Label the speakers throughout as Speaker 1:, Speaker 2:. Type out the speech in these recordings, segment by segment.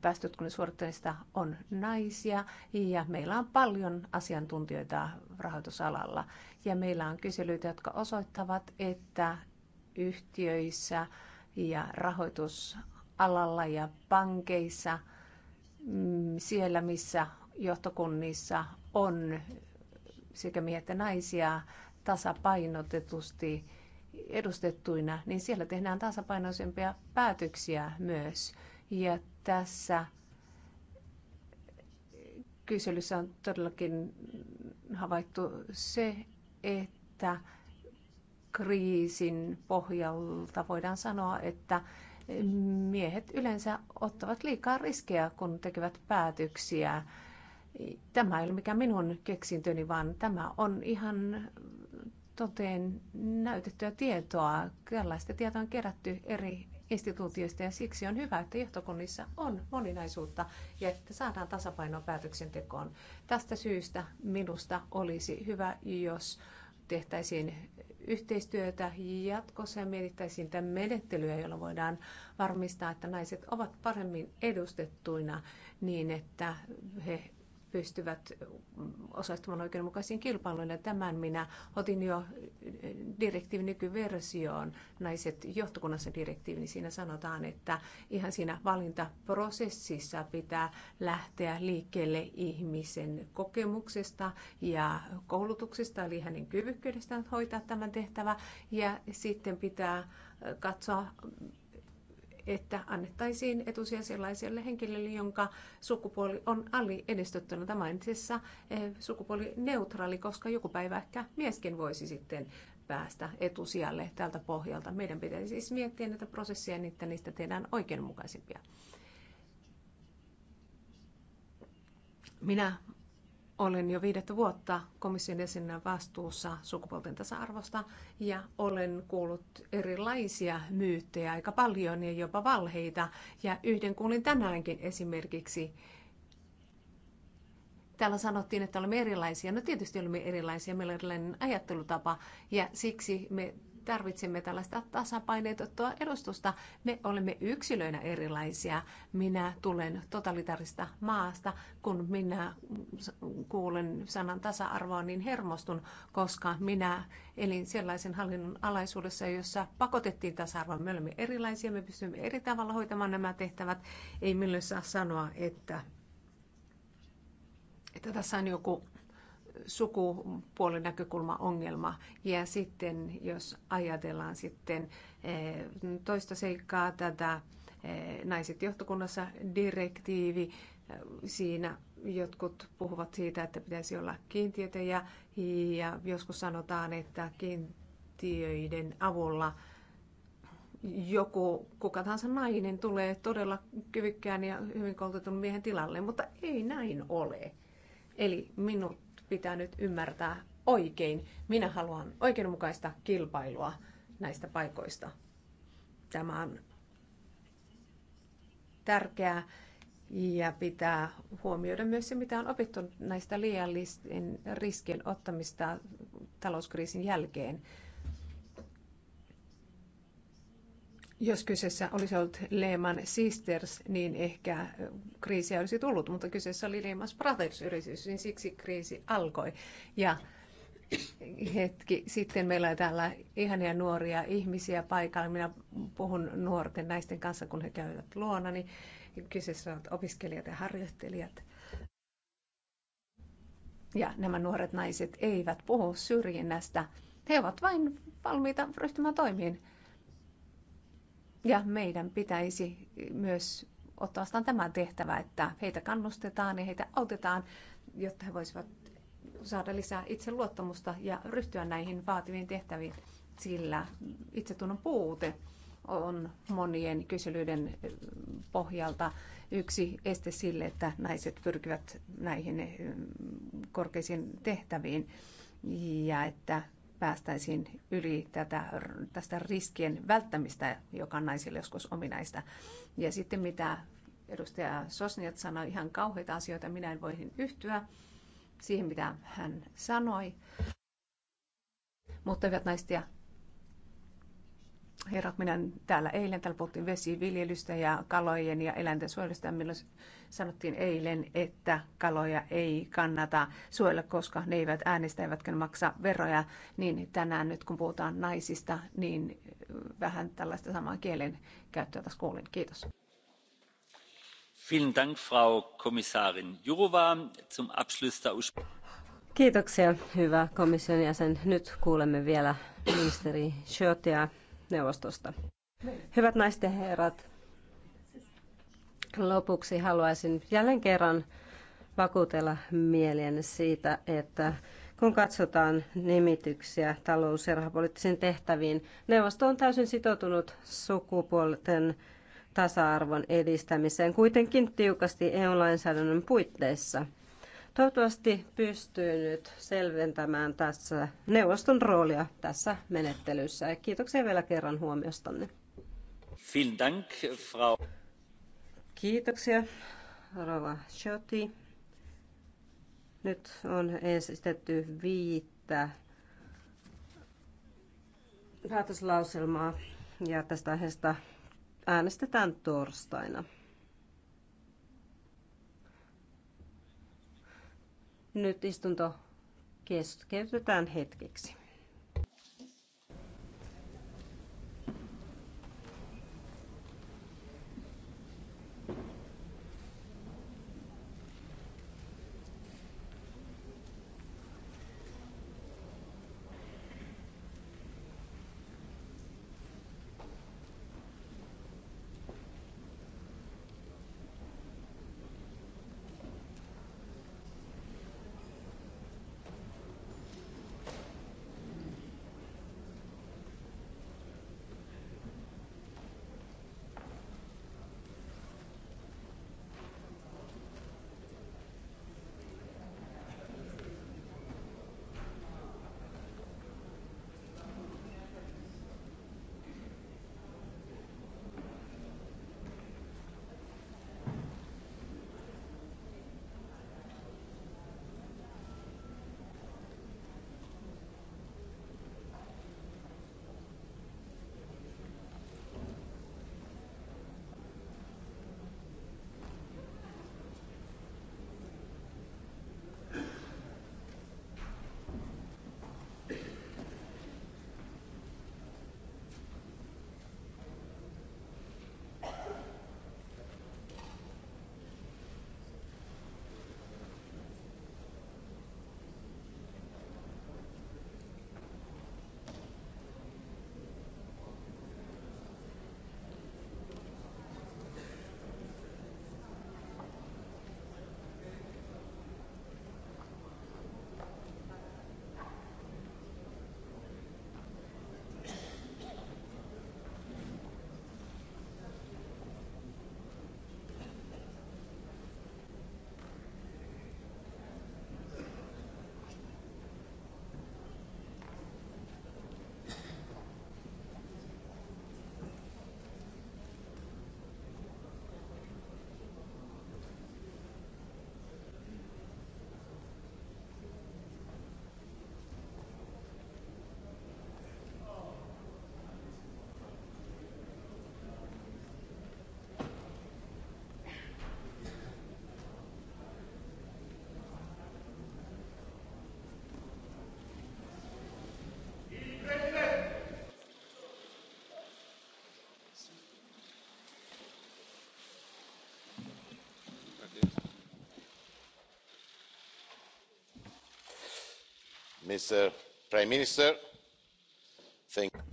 Speaker 1: päästötutkimusvuorottelista on naisia ja meillä on paljon asiantuntijoita rahoitusalalla. Ja meillä on kyselyitä, jotka osoittavat, että yhtiöissä ja rahoitusalalla ja pankeissa, mm, siellä missä johtokunnissa on sekä miehet että naisia tasapainotetusti edustettuina, niin siellä tehdään tasapainoisempia päätöksiä myös. Ja tässä kyselyssä on todellakin havaittu se, että kriisin pohjalta voidaan sanoa, että miehet yleensä ottavat liikaa riskejä, kun tekevät päätöksiä. Tämä ei ole mikään minun keksintöni, vaan tämä on ihan toteen näytettyä tietoa. Tällaista tietoa on kerätty eri instituutioista ja siksi on hyvä, että johtokunnissa on moninaisuutta ja että saadaan tasapainoa päätöksentekoon. Tästä syystä minusta olisi hyvä, jos tehtäisiin yhteistyötä jatkossa ja mietittäisiin tämän menettelyä, jolla voidaan varmistaa, että naiset ovat paremmin edustettuina niin, että he pystyvät osallistumaan oikeudenmukaisiin kilpailuihin. Ja tämän minä otin jo direktiivin nykyversioon, naiset johtokunnassa direktiivin, niin siinä sanotaan, että ihan siinä valintaprosessissa pitää lähteä liikkeelle ihmisen kokemuksesta ja koulutuksesta, eli hänen kyvykkyydestään hoitaa tämän tehtävä, ja sitten pitää katsoa että annettaisiin etusia sellaiselle henkilölle, jonka sukupuoli on aliedustettuna. Tämä on itse eh, sukupuolineutraali, koska joku päivä ehkä mieskin voisi sitten päästä etusijalle tältä pohjalta. Meidän pitäisi siis miettiä näitä prosesseja, niin että niistä tehdään oikeudenmukaisimpia. Minä olen jo viidettä vuotta komission jäsenenä vastuussa sukupuolten tasa-arvosta ja olen kuullut erilaisia myyttejä aika paljon ja jopa valheita. Ja yhden kuulin tänäänkin esimerkiksi. Täällä sanottiin, että olemme erilaisia. No tietysti olemme erilaisia, meillä on erilainen ajattelutapa ja siksi me tarvitsemme tällaista tasapainotettua edustusta. Me olemme yksilöinä erilaisia. Minä tulen totalitarista maasta. Kun minä kuulen sanan tasa-arvoa, niin hermostun, koska minä elin sellaisen hallinnon alaisuudessa, jossa pakotettiin tasa-arvoa. Me olemme erilaisia, me pystymme eri tavalla hoitamaan nämä tehtävät. Ei millään saa sanoa, että, että tässä on joku sukupuolen näkökulma ongelma. Ja sitten jos ajatellaan sitten eh, toista seikkaa tätä eh, naiset johtokunnassa direktiivi, eh, siinä jotkut puhuvat siitä, että pitäisi olla kiintiötä ja, ja joskus sanotaan, että kiintiöiden avulla joku, kuka tahansa nainen tulee todella kyvykkään ja hyvin koulutetun miehen tilalle, mutta ei näin ole. Eli minut pitää nyt ymmärtää oikein. Minä haluan oikeudenmukaista kilpailua näistä paikoista. Tämä on tärkeää ja pitää huomioida myös se, mitä on opittu näistä liiallisten riskien ottamista talouskriisin jälkeen. Jos kyseessä olisi ollut Lehman Sisters, niin ehkä kriisiä olisi tullut, mutta kyseessä oli Lehman Brothers-yritys, niin siksi kriisi alkoi. Ja hetki sitten meillä on täällä ihania nuoria ihmisiä paikalla. Minä puhun nuorten naisten kanssa, kun he käyvät luona, niin kyseessä ovat opiskelijat ja harjoittelijat. Ja nämä nuoret naiset eivät puhu syrjinnästä. He ovat vain valmiita ryhtymään toimiin. Ja meidän pitäisi myös ottaa vastaan tämä tehtävä, että heitä kannustetaan ja heitä autetaan, jotta he voisivat saada lisää itseluottamusta ja ryhtyä näihin vaativiin tehtäviin, sillä itsetunnon puute on monien kyselyiden pohjalta yksi este sille, että naiset pyrkivät näihin hm, korkeisiin tehtäviin ja että päästäisiin yli tätä, tästä riskien välttämistä, joka on naisille joskus ominaista. Ja sitten mitä edustaja Sosniat sanoi, ihan kauheita asioita, minä en voisi yhtyä siihen, mitä hän sanoi. Mutta hyvät naiset ja Herrat, minä täällä eilen täällä puhuttiin vesiviljelystä ja kalojen ja eläinten suojelusta ja milloin sanottiin eilen, että kaloja ei kannata suojella, koska ne eivät äänestä eivätkä maksa veroja, niin tänään nyt kun puhutaan naisista, niin vähän tällaista samaa kielen käyttöä taas kuulin. Kiitos.
Speaker 2: Vielen Dank, Frau Kommissarin Jurova. Zum Abschluss der
Speaker 3: Kiitoksia, hyvä komission jäsen. Nyt kuulemme vielä ministeri Schottia neuvostosta. Hyvät naiset ja herrat, lopuksi haluaisin jälleen kerran vakuutella mielien siitä, että kun katsotaan nimityksiä talous- ja rahapoliittisiin tehtäviin, neuvosto on täysin sitoutunut sukupuolten tasa-arvon edistämiseen, kuitenkin tiukasti EU-lainsäädännön puitteissa – Toivottavasti pystyy nyt selventämään tässä neuvoston roolia tässä menettelyssä. Ja kiitoksia vielä kerran huomiostanne.
Speaker 2: Dank, Frau.
Speaker 3: Kiitoksia, Rova Schotti. Nyt on esitetty viittä päätöslauselmaa ja tästä aiheesta äänestetään torstaina. Nyt istunto keskeytetään hetkeksi.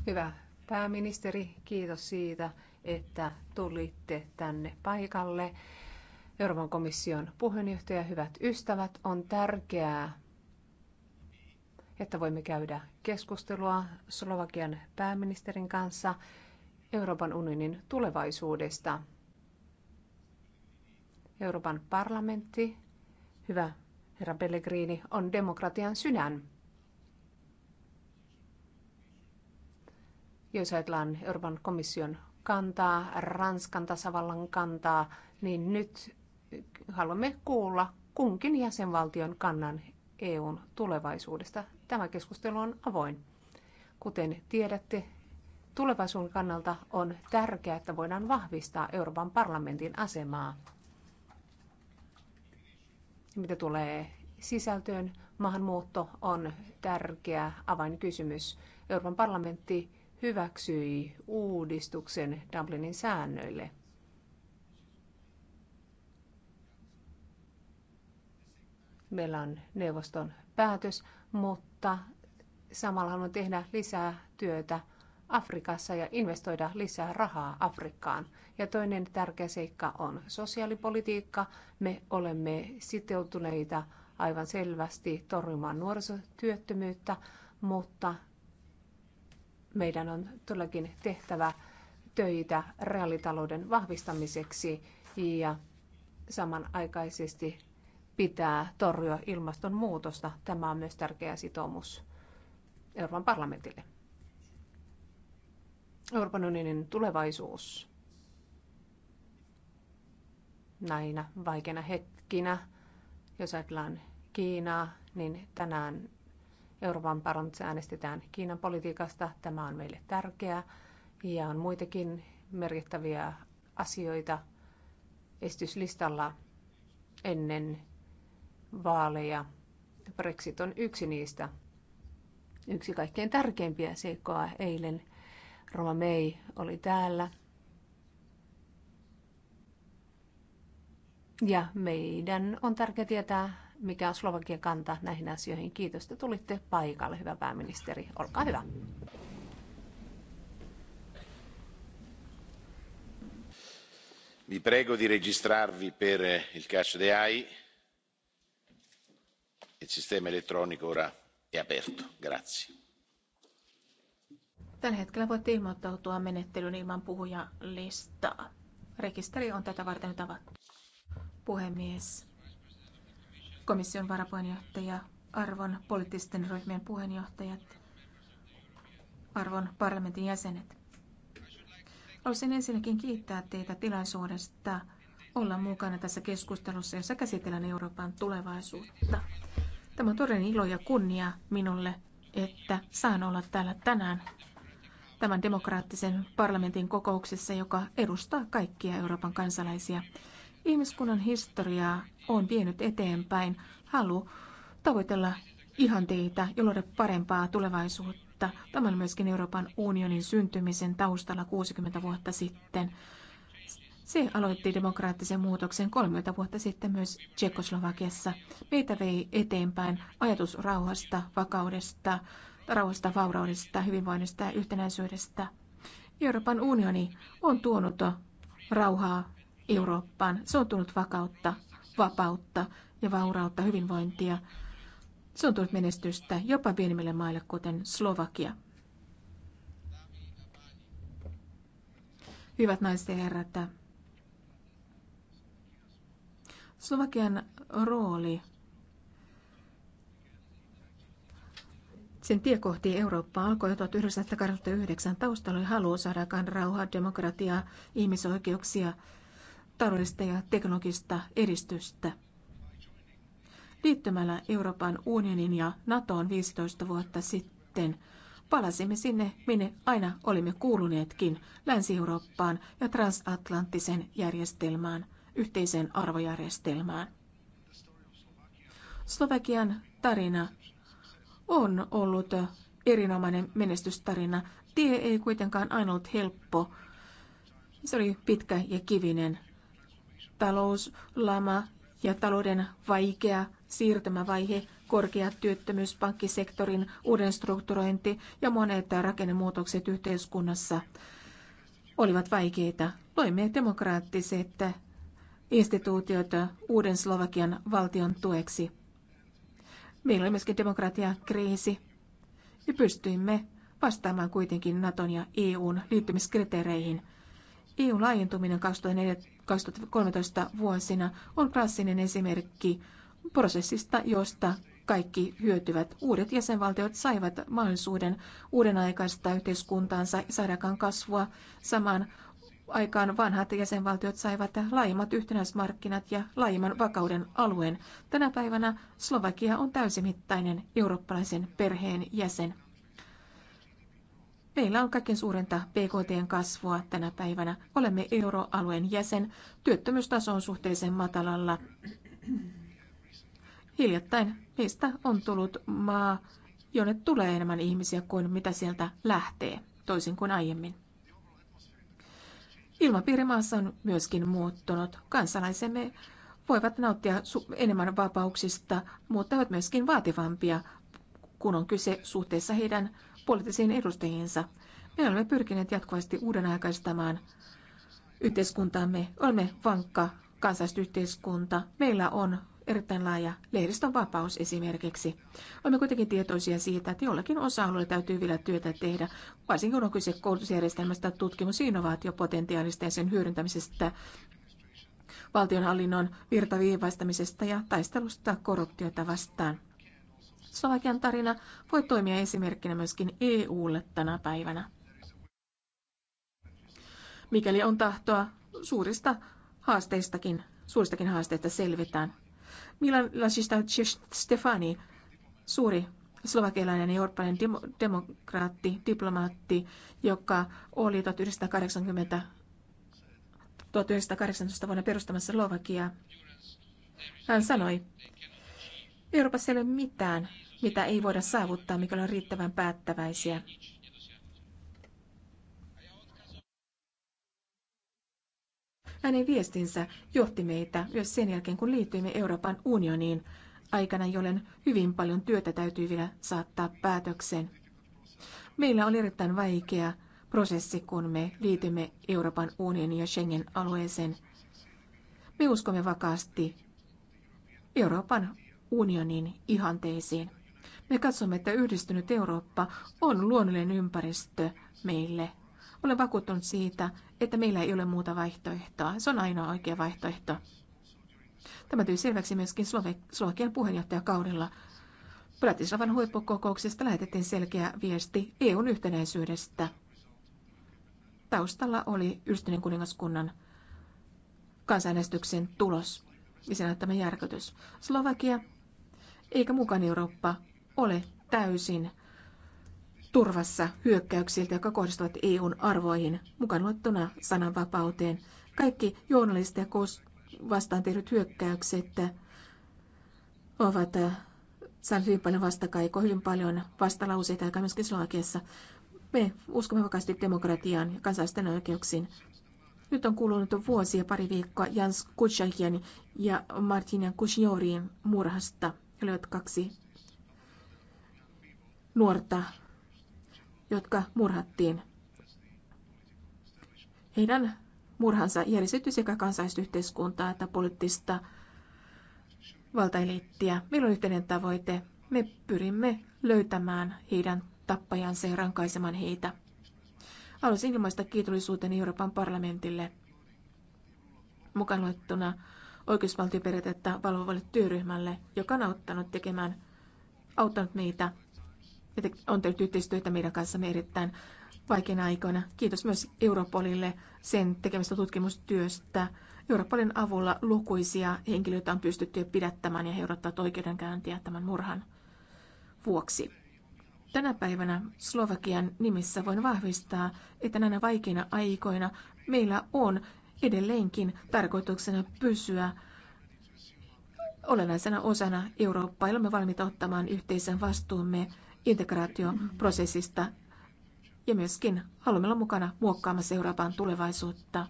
Speaker 1: Hyvä pääministeri, kiitos siitä, että tulitte tänne paikalle. Euroopan komission puheenjohtaja, hyvät ystävät, on tärkeää, että voimme käydä keskustelua Slovakian pääministerin kanssa Euroopan unionin tulevaisuudesta. Euroopan parlamentti, hyvä herra Pellegrini, on demokratian sydän. jos ajatellaan Euroopan komission kantaa, Ranskan tasavallan kantaa, niin nyt haluamme kuulla kunkin jäsenvaltion kannan EUn tulevaisuudesta. Tämä keskustelu on avoin. Kuten tiedätte, tulevaisuuden kannalta on tärkeää, että voidaan vahvistaa Euroopan parlamentin asemaa. Mitä tulee sisältöön, maahanmuutto on tärkeä avainkysymys. Euroopan parlamentti hyväksyi uudistuksen Dublinin säännöille. Meillä on neuvoston päätös, mutta samalla haluan tehdä lisää työtä Afrikassa ja investoida lisää rahaa Afrikkaan. Ja toinen tärkeä seikka on sosiaalipolitiikka. Me olemme sitoutuneita aivan selvästi torjumaan nuorisotyöttömyyttä, mutta meidän on todellakin tehtävä töitä reaalitalouden vahvistamiseksi ja samanaikaisesti pitää torjua ilmastonmuutosta. Tämä on myös tärkeä sitoumus Euroopan parlamentille. Euroopan unionin tulevaisuus näinä vaikeina hetkinä, jos ajatellaan Kiinaa, niin tänään Euroopan parlamentissa äänestetään Kiinan politiikasta. Tämä on meille tärkeää ja on muitakin merkittäviä asioita esityslistalla ennen vaaleja. Brexit on yksi niistä. Yksi kaikkein tärkeimpiä seikkoa eilen Roma May oli täällä. Ja meidän on tärkeää tietää, mikä on Slovakian kanta näihin asioihin. Kiitos, että tulitte paikalle, hyvä pääministeri. Olkaa hyvä.
Speaker 2: Vi prego di registrarvi per eh, il Catch the ai. Il sistema elettronico ora è aperto. Grazie.
Speaker 4: Tällä hetkellä voitte ilmoittautua menettelyyn ilman puhujalistaa. Rekisteri on tätä varten nyt avattu. Puhemies komission varapuheenjohtaja, arvon poliittisten ryhmien puheenjohtajat, arvon parlamentin jäsenet. Haluaisin ensinnäkin kiittää teitä tilaisuudesta olla mukana tässä keskustelussa, jossa käsitellään Euroopan tulevaisuutta. Tämä on todellinen ilo ja kunnia minulle, että saan olla täällä tänään tämän demokraattisen parlamentin kokouksessa, joka edustaa kaikkia Euroopan kansalaisia. Ihmiskunnan historiaa on vienyt eteenpäin halu tavoitella ihanteita ja luoda parempaa tulevaisuutta. Tämä on myöskin Euroopan unionin syntymisen taustalla 60 vuotta sitten. Se aloitti demokraattisen muutoksen 30 vuotta sitten myös Tsekoslovakiassa. Meitä vei eteenpäin ajatus rauhasta, vakaudesta, rauhasta, vauraudesta, hyvinvoinnista ja yhtenäisyydestä. Euroopan unioni on tuonut rauhaa Eurooppaan. Se on tullut vakautta, vapautta ja vaurautta, hyvinvointia. Se on tullut menestystä jopa pienemmille maille, kuten Slovakia. Hyvät naiset ja herrat, Slovakian rooli Sen tie kohti Eurooppaa alkoi 1989. Taustalla oli halu saada rauhaa, demokratiaa, ihmisoikeuksia taloudellista ja teknologista edistystä. Liittymällä Euroopan unionin ja NATOon 15 vuotta sitten palasimme sinne, minne aina olimme kuuluneetkin, Länsi-Eurooppaan ja transatlanttisen järjestelmään, yhteiseen arvojärjestelmään. Slovakian tarina on ollut erinomainen menestystarina. Tie ei kuitenkaan aina ollut helppo. Se oli pitkä ja kivinen talouslama ja talouden vaikea siirtymävaihe, korkea työttömyys, pankkisektorin uuden strukturointi ja monet rakennemuutokset yhteiskunnassa olivat vaikeita. Loimme demokraattiset instituutiot uuden Slovakian valtion tueksi. Meillä oli myöskin demokratiakriisi ja pystyimme vastaamaan kuitenkin Naton ja EUn liittymiskriteereihin – EU-laajentuminen 2013 vuosina on klassinen esimerkki prosessista, josta kaikki hyötyvät. Uudet jäsenvaltiot saivat mahdollisuuden uuden aikaista yhteiskuntaansa saadakaan kasvua. Samaan aikaan vanhat jäsenvaltiot saivat laajemmat yhtenäismarkkinat ja laajemman vakauden alueen. Tänä päivänä Slovakia on täysimittainen eurooppalaisen perheen jäsen. Meillä on kaikkein suurinta BKTn kasvua tänä päivänä. Olemme euroalueen jäsen. Työttömyystaso on suhteellisen matalalla. Hiljattain meistä on tullut maa, jonne tulee enemmän ihmisiä kuin mitä sieltä lähtee, toisin kuin aiemmin. Ilmapiiri maassa on myöskin muuttunut. Kansalaisemme voivat nauttia enemmän vapauksista, mutta ovat myöskin vaativampia, kun on kyse suhteessa heidän poliittisiin edustajiinsa. Me olemme pyrkineet jatkuvasti uudenaikaistamaan yhteiskuntaamme. Olemme vankka kansallisyhteiskunta. Meillä on erittäin laaja lehdistön vapaus esimerkiksi. Olemme kuitenkin tietoisia siitä, että jollakin osa-alueella täytyy vielä työtä tehdä, varsinkin kun on kyse koulutusjärjestelmästä, tutkimus- ja innovaatiopotentiaalista ja sen hyödyntämisestä, valtionhallinnon virtaviivaistamisesta ja taistelusta korruptiota vastaan. Slovakian tarina voi toimia esimerkkinä myöskin EUlle tänä päivänä. Mikäli on tahtoa, suurista haasteistakin, suuristakin haasteista selvitään. Milan Lasista Stefani, suuri slovakialainen ja demo, demokraatti, diplomaatti, joka oli 1980, 1918 vuonna perustamassa Slovakia. Hän sanoi, Euroopassa ei ole mitään, mitä ei voida saavuttaa, mikä on riittävän päättäväisiä. Hänen viestinsä johti meitä myös sen jälkeen, kun liittyimme Euroopan unioniin, aikana jolloin hyvin paljon työtä täytyy vielä saattaa päätöksen. Meillä on erittäin vaikea prosessi, kun me liitymme Euroopan unionin ja Schengen-alueeseen. Me uskomme vakaasti Euroopan unionin ihanteisiin. Me katsomme, että yhdistynyt Eurooppa on luonnollinen ympäristö meille. Olen vakuuttunut siitä, että meillä ei ole muuta vaihtoehtoa. Se on ainoa oikea vaihtoehto. Tämä tuli selväksi myöskin Slovakian puheenjohtajakaudella. Bratislavan huippukokouksesta lähetettiin selkeä viesti EUn yhtenäisyydestä. Taustalla oli yhdistyneen kuningaskunnan kansanäänestyksen tulos ja sen tämä järkytys. Slovakia eikä mukaan Eurooppa ole täysin turvassa hyökkäyksiltä, jotka kohdistuvat EUn arvoihin, mukaan luettuna sananvapauteen. Kaikki journalistia vastaan tehdyt hyökkäykset ovat äh, saaneet hyvin paljon vastakaikoa, hyvin paljon vastalauseita, aika myöskin Slovakiassa. Me uskomme vakaasti demokratiaan ja kansalaisten oikeuksiin. Nyt on kulunut vuosia pari viikkoa Jans Kutsahian ja Martina Kusjourin murhasta. He olivat kaksi nuorta, jotka murhattiin. Heidän murhansa järjestetty sekä kansalaisyhteiskuntaa että poliittista valtaeliittiä. Meillä on yhteinen tavoite. Me pyrimme löytämään heidän tappajansa ja rankaisemaan heitä. Haluaisin ilmaista kiitollisuuteni Euroopan parlamentille mukaan luettuna oikeusvaltioperiaatetta valvovalle työryhmälle, joka on auttanut tekemään auttanut meitä ja on tehty yhteistyötä meidän kanssamme erittäin vaikeina aikoina. Kiitos myös Europolille sen tekemästä tutkimustyöstä. Europolin avulla lukuisia henkilöitä on pystytty pidättämään ja he odottavat oikeudenkäyntiä tämän murhan vuoksi. Tänä päivänä Slovakian nimissä voin vahvistaa, että näinä vaikeina aikoina meillä on edelleenkin tarkoituksena pysyä olennaisena osana Eurooppaa. Olemme valmiita ottamaan yhteisen vastuumme integraatioprosessista ja myöskin haluamme olla mukana muokkaamassa Euroopan tulevaisuutta.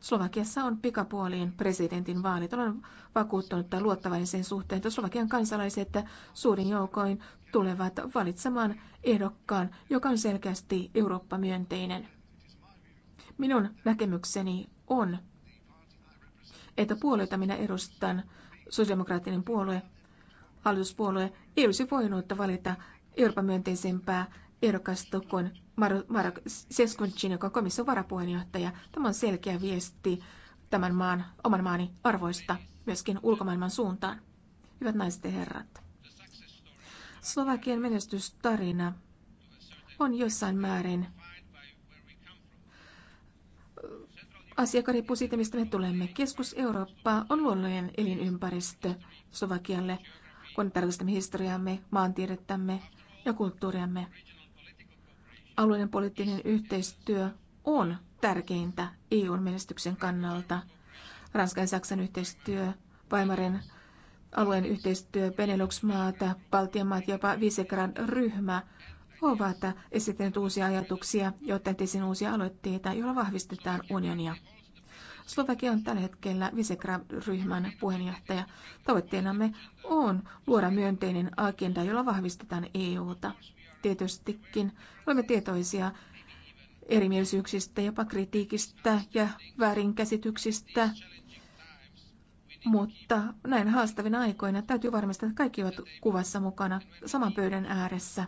Speaker 4: Slovakiassa on pikapuoliin presidentin vaalit. Olen vakuuttunut tai luottavainen sen suhteen, että Slovakian kansalaiset suurin joukoin tulevat valitsemaan ehdokkaan, joka on selkeästi Eurooppa-myönteinen. Minun näkemykseni on, että puolueita minä edustan, sosiaalidemokraattinen puolue, hallituspuolue, ei olisi voinut valita Euroopan myönteisempää ehdokasta kuin Marek Seskuncin, joka on komission varapuheenjohtaja. Tämä on selkeä viesti tämän maan, oman maani arvoista myöskin ulkomaailman suuntaan. Hyvät naiset ja herrat. Slovakian menestystarina on jossain määrin äh, Asiakka riippuu siitä, mistä me tulemme. Keskus-Eurooppa on luonnollinen elinympäristö Slovakialle, kun tarkastamme historiaamme, maantiedettämme, ja kulttuuriamme. Alueellinen poliittinen yhteistyö on tärkeintä EUn menestyksen kannalta. Ranskan ja Saksan yhteistyö, Weimarin alueen yhteistyö, Benelux-maata, Baltian maat, jopa Visegrad-ryhmä ovat esittäneet uusia ajatuksia ja ottaneet esiin uusia aloitteita, joilla vahvistetaan unionia. Slovakia on tällä hetkellä Visegrad-ryhmän puheenjohtaja. Tavoitteenamme on luoda myönteinen agenda, jolla vahvistetaan EUta. Tietystikin olemme tietoisia erimielisyyksistä, jopa kritiikistä ja väärinkäsityksistä, mutta näin haastavina aikoina täytyy varmistaa, että kaikki ovat kuvassa mukana saman pöydän ääressä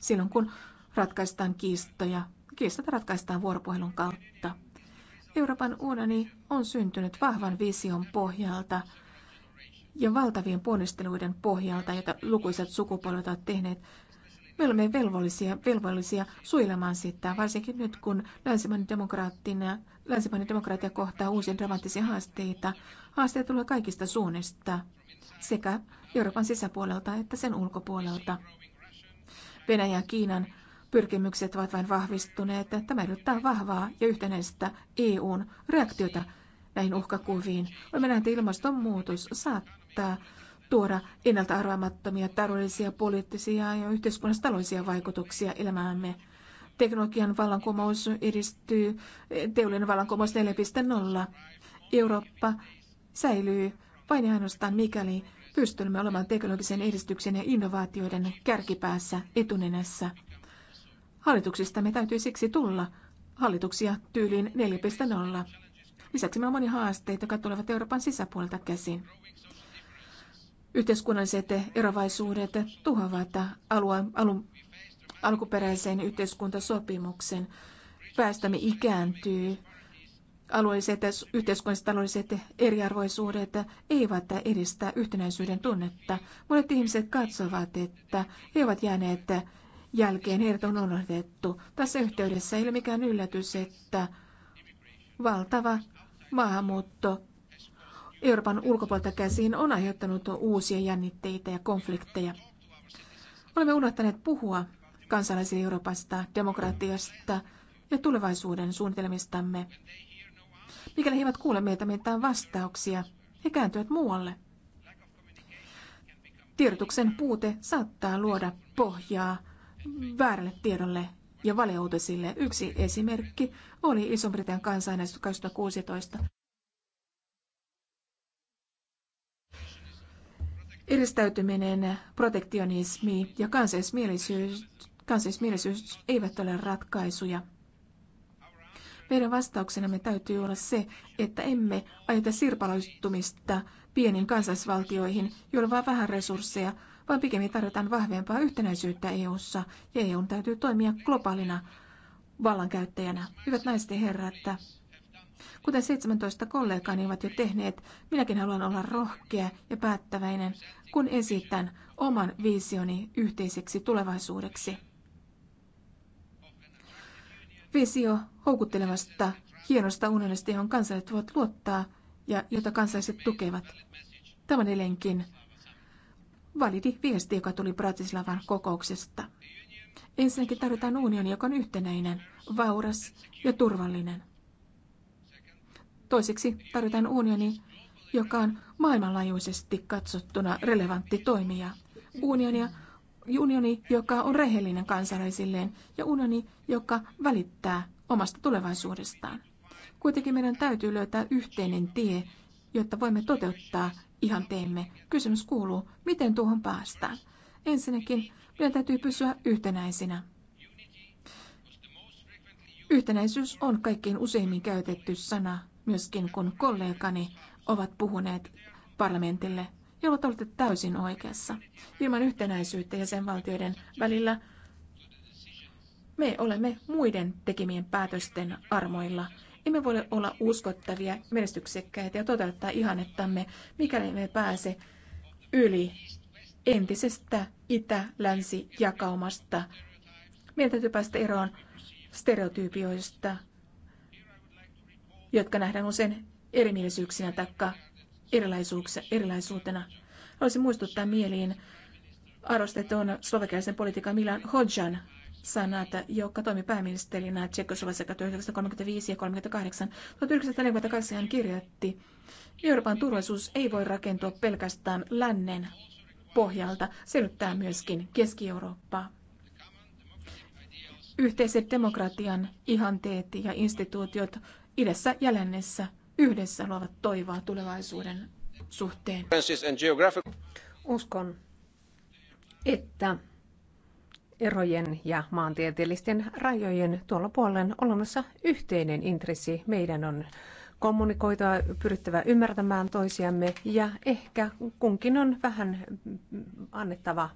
Speaker 4: silloin, kun ratkaistaan kiistoja. Kiistat ratkaistaan vuoropuhelun kautta. Euroopan unioni on syntynyt vahvan vision pohjalta ja valtavien ponnisteluiden pohjalta, joita lukuisat sukupolvet ovat tehneet. Me olemme velvollisia, velvollisia suojelemaan sitä, varsinkin nyt kun länsimainen demokraattina Länsimainen demokratia kohtaa uusia dramaattisia haasteita. Haasteet tulee kaikista suunnista, sekä Euroopan sisäpuolelta että sen ulkopuolelta. Venäjän ja Kiinan pyrkimykset ovat vain vahvistuneet. Tämä edellyttää vahvaa ja yhtenäistä EUn reaktiota näihin uhkakuviin. Olemme nähneet, että ilmastonmuutos saattaa tuoda ennalta arvaamattomia taloudellisia, poliittisia ja yhteiskunnallisia taloudellisia vaikutuksia elämäämme. Teknologian vallankumous edistyy, teollinen vallankumous 4.0. Eurooppa säilyy vain ja ainoastaan mikäli pystymme olemaan teknologisen edistyksen ja innovaatioiden kärkipäässä etunenässä – Hallituksista me täytyy siksi tulla hallituksia tyyliin 4.0. Lisäksi meillä on moni haasteita, jotka tulevat Euroopan sisäpuolelta käsin. Yhteiskunnalliset erovaisuudet tuhoavat alu alu, alkuperäisen yhteiskuntasopimuksen. Päästämme ikääntyy. Alueelliset yhteiskunnalliset taloudelliset eriarvoisuudet eivät edistä yhtenäisyyden tunnetta. Monet ihmiset katsovat, että he ovat jääneet jälkeen heidät on unohdettu. Tässä yhteydessä ei ole mikään yllätys, että valtava maahanmuutto Euroopan ulkopuolelta käsiin on aiheuttanut uusia jännitteitä ja konflikteja. Olemme unohtaneet puhua kansalaisille Euroopasta, demokratiasta ja tulevaisuuden suunnitelmistamme. Mikäli he eivät kuule meiltä mitään vastauksia, he kääntyvät muualle. Tiedotuksen puute saattaa luoda pohjaa väärälle tiedolle ja valeuutisille. Yksi esimerkki oli Iso-Britannian kansanäänestys 2016. Eristäytyminen, protektionismi ja kansallismielisyys, kansallismielisyys eivät ole ratkaisuja. Meidän vastauksenamme täytyy olla se, että emme ajata sirpaloitumista pieniin kansallisvaltioihin, joilla on vain vähän resursseja vaan pikemmin tarvitaan vahvempaa yhtenäisyyttä EU:ssa ja EUn täytyy toimia globaalina vallankäyttäjänä. Hyvät naiset ja herrat, kuten 17 kollegaani ovat jo tehneet, minäkin haluan olla rohkea ja päättäväinen, kun esitän oman visioni yhteiseksi tulevaisuudeksi. Visio houkuttelevasta, hienosta unionista, johon kansalaiset voivat luottaa ja jota kansalaiset tukevat. Tämä on edelleenkin validi viesti, joka tuli Bratislavan kokouksesta. Ensinnäkin tarvitaan unioni, joka on yhtenäinen, vauras ja turvallinen. Toiseksi tarvitaan unioni, joka on maailmanlaajuisesti katsottuna relevantti toimija. Unionia, unioni, joka on rehellinen kansalaisilleen ja unioni, joka välittää omasta tulevaisuudestaan. Kuitenkin meidän täytyy löytää yhteinen tie, jotta voimme toteuttaa ihan teemme. Kysymys kuuluu, miten tuohon päästään? Ensinnäkin meidän täytyy pysyä yhtenäisinä. Yhtenäisyys on kaikkein useimmin käytetty sana, myöskin kun kollegani ovat puhuneet parlamentille, jolloin olette täysin oikeassa. Ilman yhtenäisyyttä jäsenvaltioiden välillä me olemme muiden tekemien päätösten armoilla emme voi olla uskottavia, menestyksekkäitä ja toteuttaa ihannettamme, mikäli me pääse yli entisestä itä-länsi jakaumasta. Meidän täytyy päästä eroon stereotypioista, jotka nähdään usein erimielisyyksinä tai erilaisuutena. Haluaisin muistuttaa mieliin arvostetun slovakialaisen politiikan Milan Hodjan sanat, joka toimi pääministerinä Tsekoslovassa 1935 ja 1938. 1948 hän kirjoitti, Euroopan turvallisuus ei voi rakentua pelkästään lännen pohjalta, selittää myöskin Keski-Eurooppaa. Yhteiset demokratian ihanteet ja instituutiot idässä ja lännessä yhdessä luovat toivoa tulevaisuuden suhteen.
Speaker 1: Uskon, että erojen ja maantieteellisten rajojen tuolla puolen olemassa yhteinen intressi. Meidän on kommunikoitua, pyrittävä ymmärtämään toisiamme ja ehkä kunkin on vähän annettava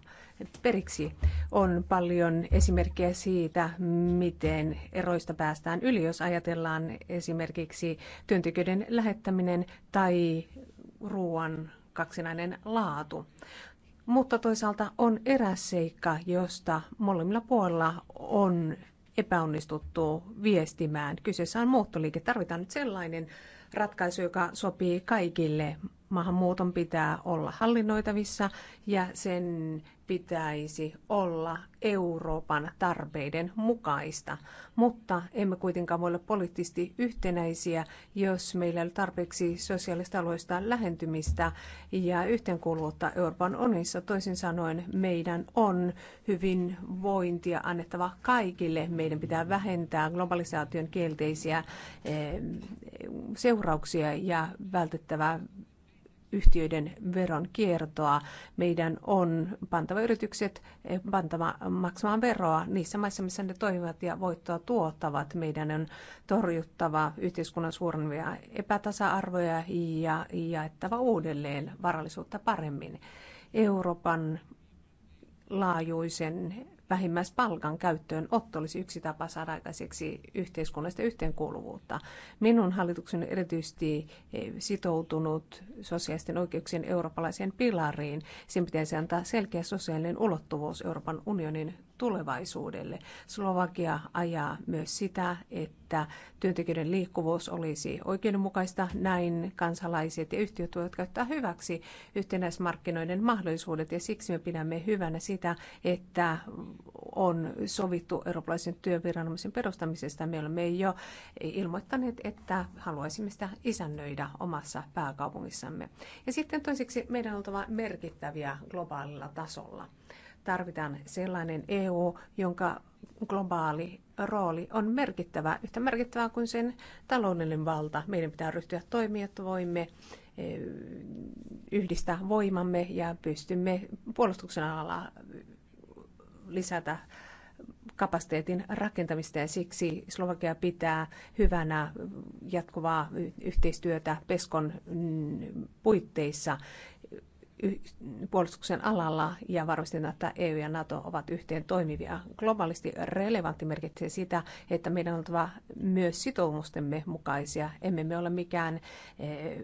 Speaker 1: periksi. On paljon esimerkkejä siitä, miten eroista päästään yli, jos ajatellaan esimerkiksi työntekijöiden lähettäminen tai ruoan kaksinainen laatu. Mutta toisaalta on eräs seikka, josta molemmilla puolilla on epäonnistuttu viestimään. Kyseessä on muuttoliike. Tarvitaan nyt sellainen ratkaisu, joka sopii kaikille. Maahanmuuton pitää olla hallinnoitavissa ja sen pitäisi olla Euroopan tarpeiden mukaista, mutta emme kuitenkaan voi olla poliittisesti yhtenäisiä, jos meillä ei ole tarpeeksi sosiaalista alueista lähentymistä ja yhteenkuuluvuutta Euroopan unionissa. Toisin sanoen meidän on hyvinvointia annettava kaikille. Meidän pitää vähentää globalisaation kielteisiä eh, seurauksia ja vältettävä yhtiöiden veron kiertoa. Meidän on pantava yritykset eh, pantava maksamaan veroa niissä maissa, missä ne toimivat ja voittoa tuottavat. Meidän on torjuttava yhteiskunnan suurenevia epätasa-arvoja ja jaettava uudelleen varallisuutta paremmin. Euroopan laajuisen vähimmäispalkan käyttöön otto olisi yksi tapa saada aikaiseksi yhteiskunnallista yhteenkuuluvuutta. Minun hallituksen erityisesti e, sitoutunut sosiaalisten oikeuksien eurooppalaiseen pilariin. Sen pitäisi antaa selkeä sosiaalinen ulottuvuus Euroopan unionin tulevaisuudelle. Slovakia ajaa myös sitä, että työntekijöiden liikkuvuus olisi oikeudenmukaista. Näin kansalaiset ja yhtiöt voivat käyttää hyväksi yhtenäismarkkinoiden mahdollisuudet ja siksi me pidämme hyvänä sitä, että on sovittu eurooppalaisen työviranomaisen perustamisesta. Me olemme jo ilmoittaneet, että haluaisimme sitä isännöidä omassa pääkaupungissamme. Ja sitten toiseksi meidän on oltava merkittäviä globaalilla tasolla. Tarvitaan sellainen EU, jonka globaali rooli on merkittävä, yhtä merkittävää kuin sen taloudellinen valta. Meidän pitää ryhtyä toimia, että voimme e, yhdistää voimamme ja pystymme puolustuksen alalla lisätä kapasiteetin rakentamista ja siksi Slovakia pitää hyvänä jatkuvaa yhteistyötä Peskon mm, puitteissa puolustuksen alalla ja varmistetaan, että EU ja NATO ovat yhteen toimivia. Globaalisti relevantti merkitsee sitä, että meidän on oltava myös sitoumustemme mukaisia. Emme me ole mikään eh,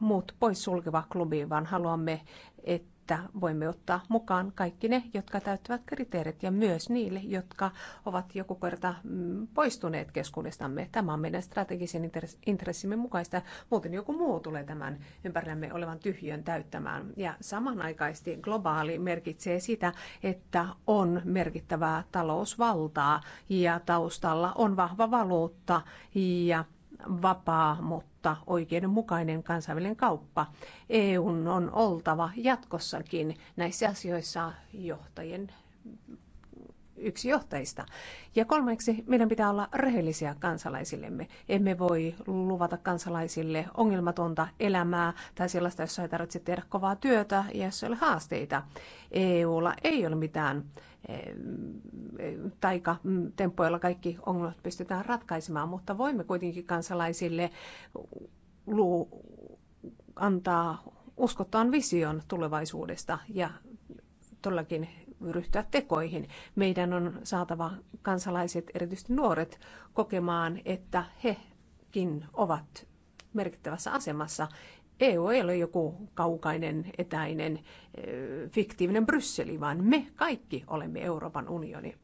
Speaker 1: muut poissulkeva klubi, vaan haluamme, että että voimme ottaa mukaan kaikki ne, jotka täyttävät kriteerit ja myös niille, jotka ovat joku kerta mm, poistuneet keskuudestamme. Tämä on meidän strategisen intressimme mukaista. Muuten joku muu tulee tämän ympärillämme olevan tyhjön täyttämään. Ja samanaikaisesti globaali merkitsee sitä, että on merkittävää talousvaltaa ja taustalla on vahva valuutta ja vapaa, mutta mutta oikeudenmukainen kansainvälinen kauppa EUn on oltava jatkossakin näissä asioissa johtajien yksi johtajista. Ja kolmeksi, meidän pitää olla rehellisiä kansalaisillemme. Emme voi luvata kansalaisille ongelmatonta elämää tai sellaista, jossa ei tarvitse tehdä kovaa työtä ja jos ei ole haasteita. EUlla ei ole mitään eh, taika mm, tempoilla kaikki ongelmat pystytään ratkaisemaan, mutta voimme kuitenkin kansalaisille lu- antaa uskottavan vision tulevaisuudesta ja todellakin ryhtyä tekoihin. Meidän on saatava kansalaiset, erityisesti nuoret, kokemaan, että hekin ovat merkittävässä asemassa. EU ei ole joku kaukainen, etäinen, eh, fiktiivinen Brysseli, vaan me kaikki olemme Euroopan unioni.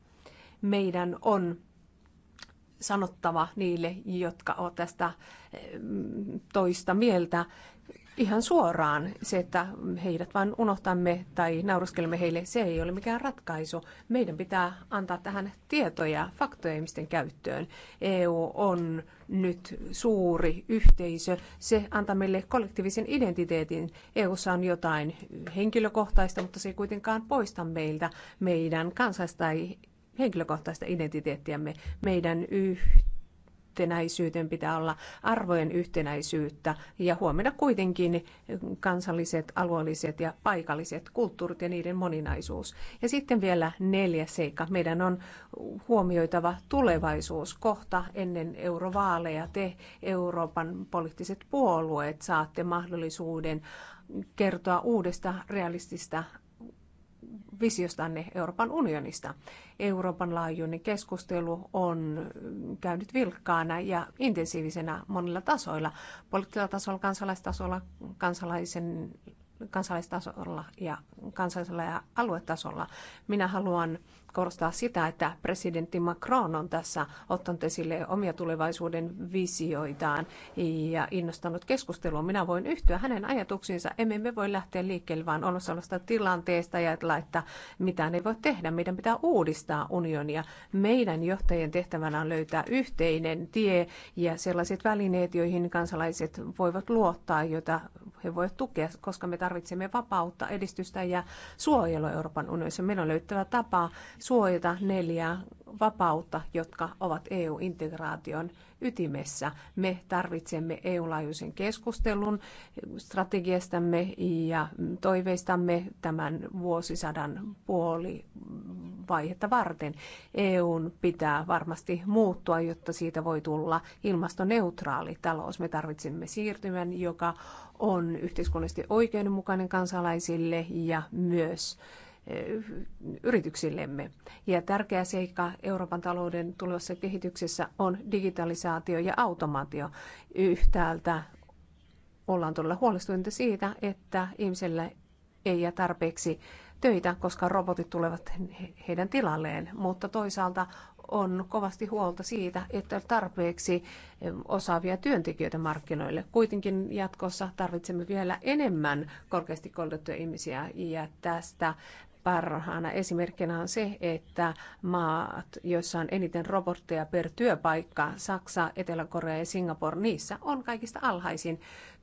Speaker 1: Meidän on sanottava niille, jotka ovat tästä eh, toista mieltä, ihan suoraan. Se, että heidät vain unohtamme tai nauruskelemme heille, se ei ole mikään ratkaisu. Meidän pitää antaa tähän tietoja faktoja ihmisten käyttöön. EU on nyt suuri yhteisö. Se antaa meille kollektiivisen identiteetin. EUssa on jotain henkilökohtaista, mutta se ei kuitenkaan poista meiltä meidän kansasta tai henkilökohtaista identiteettiämme, meidän yhteisöä yhtenäisyyteen, pitää olla arvojen yhtenäisyyttä ja huomenna kuitenkin kansalliset, alueelliset ja paikalliset kulttuurit ja niiden moninaisuus. Ja sitten vielä neljä seikka. Meidän on huomioitava tulevaisuus. Kohta ennen eurovaaleja te Euroopan poliittiset puolueet saatte mahdollisuuden kertoa uudesta realistista visiostanne Euroopan unionista. Euroopan laajuinen keskustelu on käynyt vilkkaana ja intensiivisenä monilla tasoilla, poliittisella tasolla, kansalaistasolla, kansalaisen, kansalaistasolla ja kansallisella ja aluetasolla. Minä haluan korostaa sitä, että presidentti Macron on tässä ottanut esille omia tulevaisuuden visioitaan ja innostanut keskustelua. Minä voin yhtyä hänen ajatuksiinsa. Emme me voi lähteä liikkeelle vaan olemassa olevasta tilanteesta ja laittaa mitään ei voi tehdä. Meidän pitää uudistaa unionia. Meidän johtajien tehtävänä on löytää yhteinen tie ja sellaiset välineet, joihin kansalaiset voivat luottaa, joita he voivat tukea, koska me tarvitsemme vapautta, edistystä ja suojelua Euroopan unionissa. Meidän on löytävä tapa suojata neljää vapautta, jotka ovat EU-integraation ytimessä. Me tarvitsemme EU-laajuisen keskustelun strategiastamme ja toiveistamme tämän vuosisadan puoli vaihetta varten. EUn pitää varmasti muuttua, jotta siitä voi tulla ilmastoneutraali talous. Me tarvitsemme siirtymän, joka on yhteiskunnallisesti oikeudenmukainen kansalaisille ja myös Eh, yrityksillemme. Ja tärkeä seikka Euroopan talouden tulevassa kehityksessä on digitalisaatio ja automaatio. Yhtäältä ollaan todella huolestuneita siitä, että ihmiselle ei jää tarpeeksi töitä, koska robotit tulevat heidän tilalleen, mutta toisaalta on kovasti huolta siitä, että tarpeeksi eh, osaavia työntekijöitä markkinoille. Kuitenkin jatkossa tarvitsemme vielä enemmän korkeasti koulutettuja ihmisiä ja tästä parhaana. Esimerkkinä on se, että maat, joissa on eniten robotteja per työpaikka, Saksa, Etelä-Korea ja Singapore, niissä on kaikista alhaisin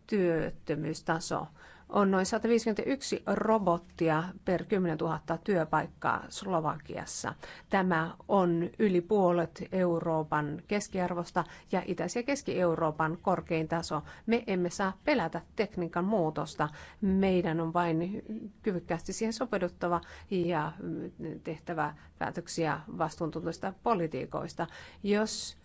Speaker 1: työttömyystaso on noin 151 robottia per 10 000 työpaikkaa Slovakiassa. Tämä on yli puolet Euroopan keskiarvosta ja Itä- ja Keski-Euroopan korkein taso. Me emme saa pelätä tekniikan muutosta. Meidän on vain kyvykkäästi siihen sopeuduttava ja tehtävä päätöksiä vastuuntuntoista politiikoista. Jos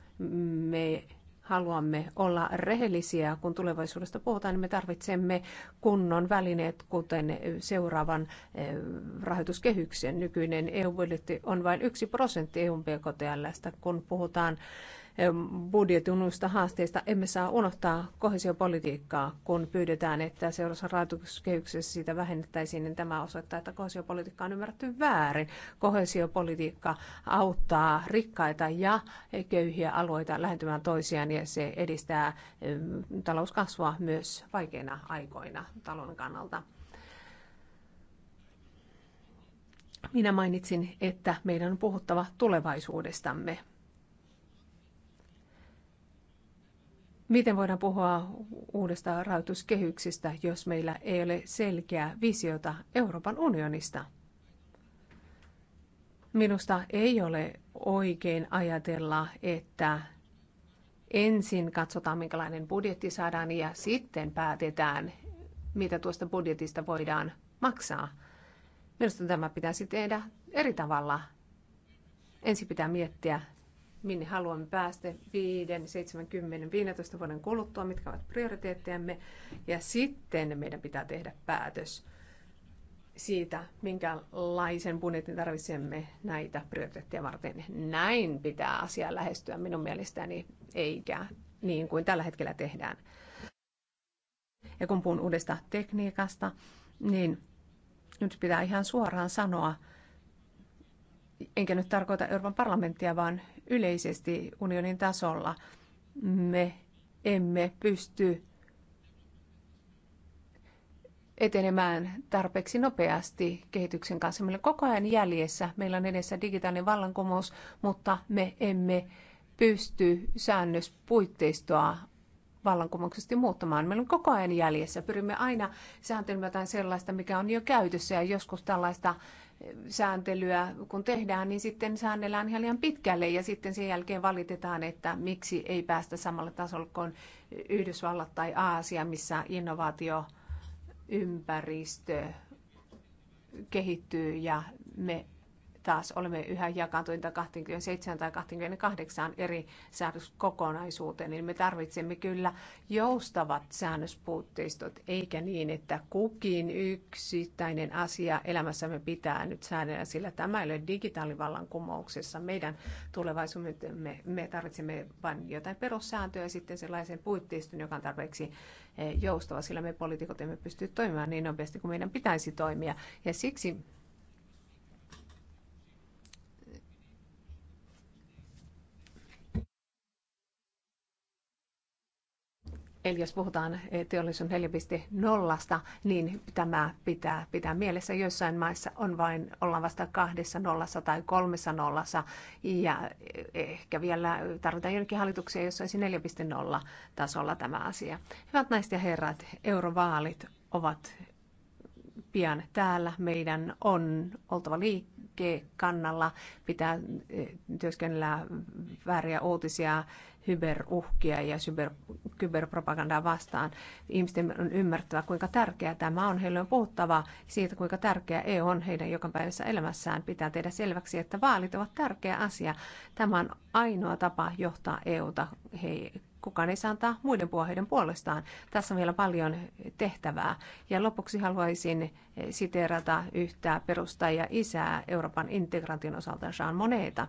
Speaker 1: me haluamme olla rehellisiä, kun tulevaisuudesta puhutaan, niin me tarvitsemme kunnon välineet, kuten seuraavan eh, rahoituskehyksen. Nykyinen EU-budjetti on vain yksi prosentti EUn bktl kun puhutaan budjetin uusista haasteista. Emme saa unohtaa kohesiopolitiikkaa, kun pyydetään, että seuraavassa rahoituskehyksessä siitä vähennettäisiin, niin tämä osoittaa, että kohesiopolitiikka on ymmärretty väärin. Kohesiopolitiikka auttaa rikkaita ja köyhiä alueita lähentymään toisiaan ja se edistää talouskasvua myös vaikeina aikoina talon kannalta. Minä mainitsin, että meidän on puhuttava tulevaisuudestamme. Miten voidaan puhua uudesta rahoituskehyksistä, jos meillä ei ole selkeää visiota Euroopan unionista? Minusta ei ole oikein ajatella, että ensin katsotaan, minkälainen budjetti saadaan ja sitten päätetään, mitä tuosta budjetista voidaan maksaa. Minusta tämä pitäisi tehdä eri tavalla. Ensin pitää miettiä minne haluamme päästä 5, 70, 15 vuoden kuluttua, mitkä ovat prioriteettejamme. Ja sitten meidän pitää tehdä päätös siitä, minkälaisen budjetin tarvitsemme näitä prioriteetteja varten. Näin pitää asia lähestyä minun mielestäni, eikä niin kuin tällä hetkellä tehdään. Ja kun puhun uudesta tekniikasta, niin nyt pitää ihan suoraan sanoa, enkä nyt tarkoita Euroopan parlamenttia, vaan yleisesti unionin tasolla. Me emme pysty etenemään tarpeeksi nopeasti kehityksen kanssa. Meillä on koko ajan jäljessä, meillä on edessä digitaalinen vallankumous, mutta me emme pysty säännöspuitteistoa vallankumouksesti muuttamaan. Meillä on koko ajan jäljessä. Pyrimme aina sääntelemään jotain sellaista, mikä on jo käytössä ja joskus tällaista eh, sääntelyä, kun tehdään, niin sitten säännellään ihan liian pitkälle ja sitten sen jälkeen valitetaan, että miksi ei päästä samalle tasolle kuin Yhdysvallat tai Aasia, missä innovaatioympäristö kehittyy ja me taas olemme yhä jakaantuneita 27 tai 28 eri säädöskokonaisuuteen, niin me tarvitsemme kyllä joustavat säännöspuutteistot, eikä niin, että kukin yksittäinen asia elämässämme pitää nyt säännellä, sillä tämä ei ole digitaalivallankumouksessa meidän tulevaisuutemme. Me tarvitsemme vain jotain perussääntöä ja sitten sellaisen puitteiston, joka on tarpeeksi eh, joustava, sillä me poliitikot emme pysty toimimaan niin nopeasti kuin meidän pitäisi toimia. Ja siksi Eli jos puhutaan eh, teollisuuden 4.0, niin tämä pitää pitää mielessä. Joissain maissa on vain, ollaan vasta kahdessa nollassa tai kolmessa nollassa ja eh, ehkä vielä tarvitaan jonkin hallituksia, jossa olisi 4.0 tasolla tämä asia. Hyvät naiset ja herrat, eurovaalit ovat pian täällä. Meidän on oltava liikkeen kannalla, pitää eh, työskennellä vääriä uutisia hyberuhkia ja cyber, kyberpropagandaa vastaan. Ihmisten on ymmärrettävä, kuinka tärkeää tämä on. Heille on puhuttava siitä, kuinka tärkeää EU on heidän jokapäiväisessä elämässään. Pitää tehdä selväksi, että vaalit ovat tärkeä asia. Tämä on ainoa tapa johtaa EUta he, kukaan ei saa antaa muiden puolueiden puolestaan. Tässä on vielä paljon tehtävää. Ja lopuksi haluaisin siteerata yhtä perustajaa isää Euroopan integraation osalta Jean Moneta.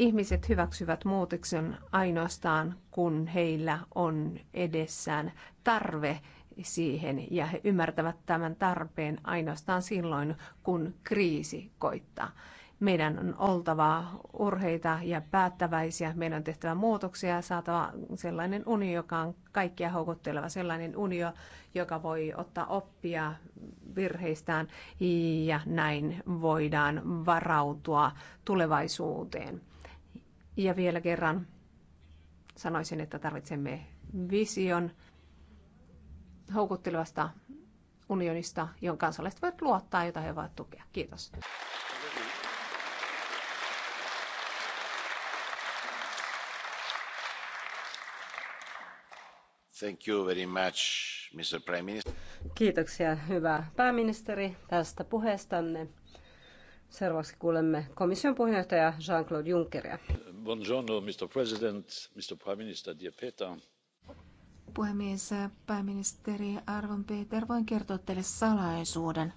Speaker 1: Ihmiset hyväksyvät muutoksen ainoastaan, kun heillä on edessään tarve siihen ja he ymmärtävät tämän tarpeen ainoastaan silloin, kun kriisi koittaa. Meidän on oltava urheita ja päättäväisiä. Meidän on tehtävä muutoksia ja saatava sellainen uni, joka on kaikkia houkutteleva, sellainen uni, joka voi ottaa oppia virheistään ja näin voidaan varautua tulevaisuuteen. Ja vielä kerran sanoisin, että tarvitsemme vision houkuttelevasta unionista, jonka kansalaiset voivat luottaa, jota he voivat tukea. Kiitos.
Speaker 2: Thank you very much, Mr. Prime Minister.
Speaker 3: Kiitoksia, hyvä pääministeri, tästä puheestanne. Seuraavaksi kuulemme komission puheenjohtaja Jean-Claude Junckeria.
Speaker 2: Buongiorno, Mr. President, Mr. Prime Minister, dear Peter.
Speaker 4: Puhemies, pääministeri Arvon Peter, voin kertoa teille salaisuuden.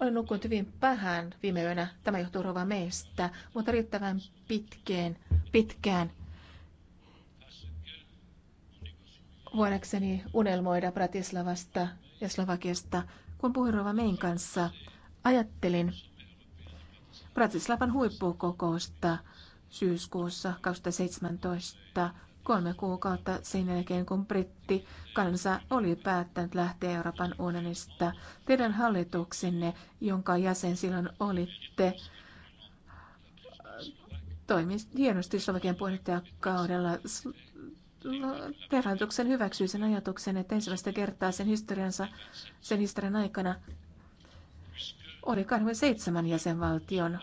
Speaker 4: Olen nukkunut hyvin vähän viime yönä, tämä johtuu rova meistä, mutta riittävän pitkään, pitkään voidakseni unelmoida Bratislavasta ja Slovakiasta kun puhuin Rova Mein kanssa, ajattelin Bratislavan huippukokousta syyskuussa 2017, kolme kuukautta sen jälkeen, kun britti kansa oli päättänyt lähteä Euroopan unionista. Teidän hallituksenne, jonka jäsen silloin olitte, toimi hienosti Slovakian puheenjohtajakaudella. Perantuksen hyväksyy sen ajatuksen, että ensimmäistä kertaa sen historiansa, sen historian aikana oli 27 jäsenvaltion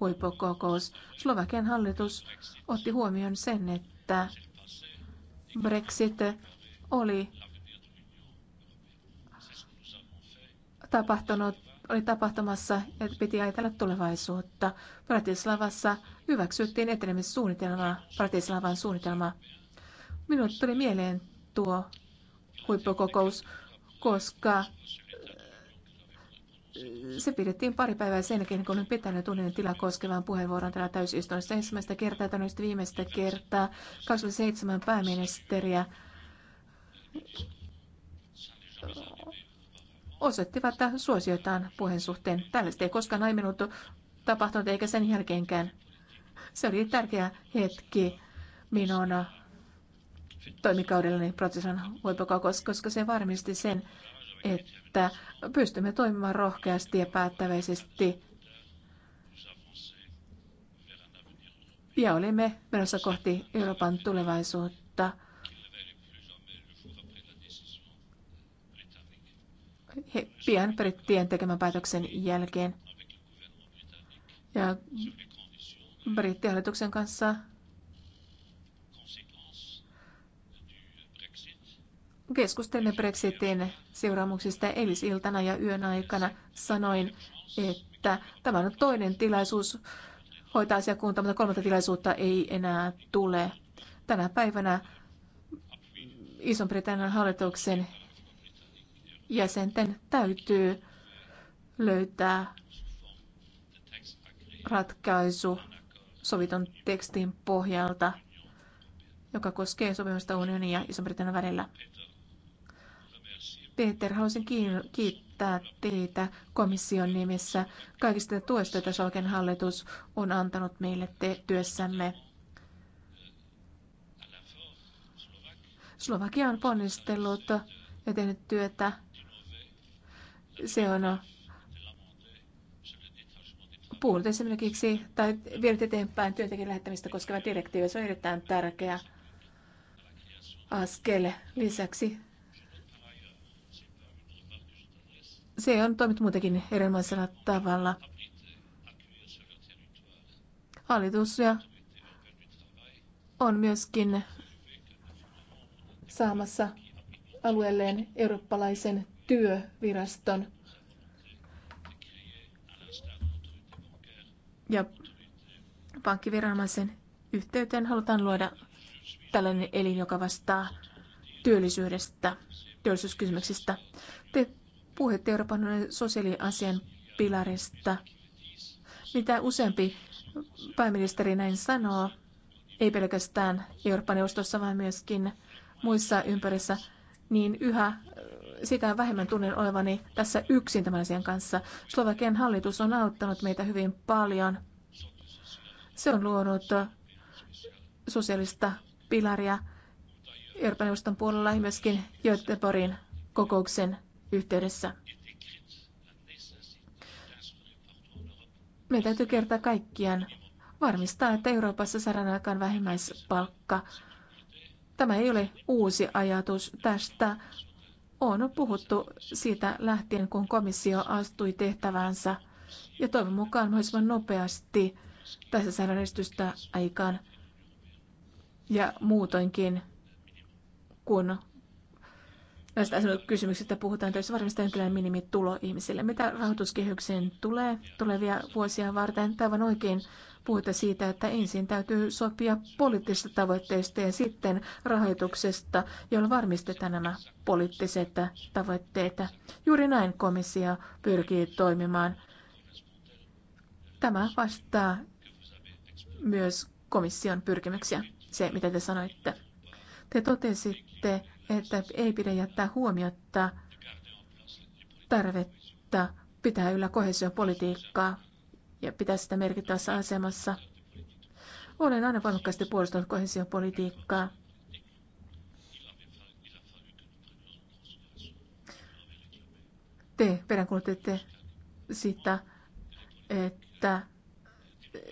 Speaker 4: huippukokous. Slovakian hallitus otti huomioon sen, että Brexit oli tapahtunut, oli tapahtumassa ja piti ajatella tulevaisuutta. Bratislavassa hyväksyttiin etenemissuunnitelma Bratislavan suunnitelma. Minulle tuli mieleen tuo huippukokous, koska äh, se pidettiin pari päivää sen jälkeen, kun olin pitänyt unionin tilaa koskevan puheenvuoron täällä täysistunnossa ensimmäistä kertaa tai viimeistä kertaa 27 pääministeriä äh, osoittivat suosioitaan puheen suhteen. Tällaista ei koskaan aiemmin tapahtunut eikä sen jälkeenkään. Se oli tärkeä hetki minun toimikaudellani protsessin huippukokous, koska se varmisti sen, että pystymme toimimaan rohkeasti ja päättäväisesti ja olimme menossa kohti Euroopan tulevaisuutta. He pian brittien tekemän päätöksen jälkeen. Ja brittihallituksen kanssa keskustelimme Brexitin seuraamuksista eilisiltana ja yön aikana. Sanoin, että tämä on toinen tilaisuus hoitaa asiakunta, mutta kolmatta tilaisuutta ei enää tule. Tänä päivänä iso britannian hallituksen jäsenten täytyy löytää ratkaisu sovitun tekstin pohjalta, joka koskee sopimusta unionin ja iso britannian välillä. Peter, haluaisin kiittää teitä komission nimissä kaikista tuesta, joita Solken hallitus on antanut meille te työssämme. Slovakia on ponnistellut ja tehnyt työtä. Se on puhunut esimerkiksi tai vienyt eteenpäin työntekijän lähettämistä koskeva direktiivi. Se on erittäin tärkeä askel. Lisäksi se on toiminut muutenkin erilaisella tavalla. Hallitus ja on myöskin saamassa alueelleen eurooppalaisen työviraston. Ja pankkiviranomaisen yhteyteen halutaan luoda tällainen elin, joka vastaa työllisyydestä, työllisyyskysymyksistä puhetta Euroopan sosiaaliasian pilarista. Mitä useampi pääministeri näin sanoo, ei pelkästään Euroopan neuvostossa, vaan myöskin muissa ympärissä, niin yhä äh, sitä vähemmän tunnen olevani tässä yksin tämän asian kanssa. Slovakian hallitus on auttanut meitä hyvin paljon. Se on luonut äh, sosiaalista pilaria Euroopan neuvoston puolella ja myöskin Göteborgin kokouksen yhteydessä. Meidän täytyy kertaa kaikkiaan varmistaa, että Euroopassa saadaan aikaan vähimmäispalkka. Tämä ei ole uusi ajatus. Tästä on puhuttu siitä lähtien, kun komissio astui tehtävänsä. Ja toivon mukaan mahdollisimman nopeasti tässä saadaan aikaan. Ja muutoinkin, kun näistä kysymyksistä puhutaan töissä varmasti jonkinlainen minimitulo ihmisille. Mitä rahoituskehykseen tulee tulevia vuosia varten? on oikein puhuta siitä, että ensin täytyy sopia poliittisista tavoitteista ja sitten rahoituksesta, jolla varmistetaan nämä poliittiset tavoitteet. Juuri näin komissio pyrkii toimimaan. Tämä vastaa myös komission pyrkimyksiä, se mitä te sanoitte. Te totesitte, että ei pidä jättää huomiota tarvetta pitää yllä kohesiopolitiikkaa ja pitää sitä merkittävässä asemassa. Olen aina voimakkaasti puolustanut kohesiopolitiikkaa. Te peräänkuulutitte sitä, että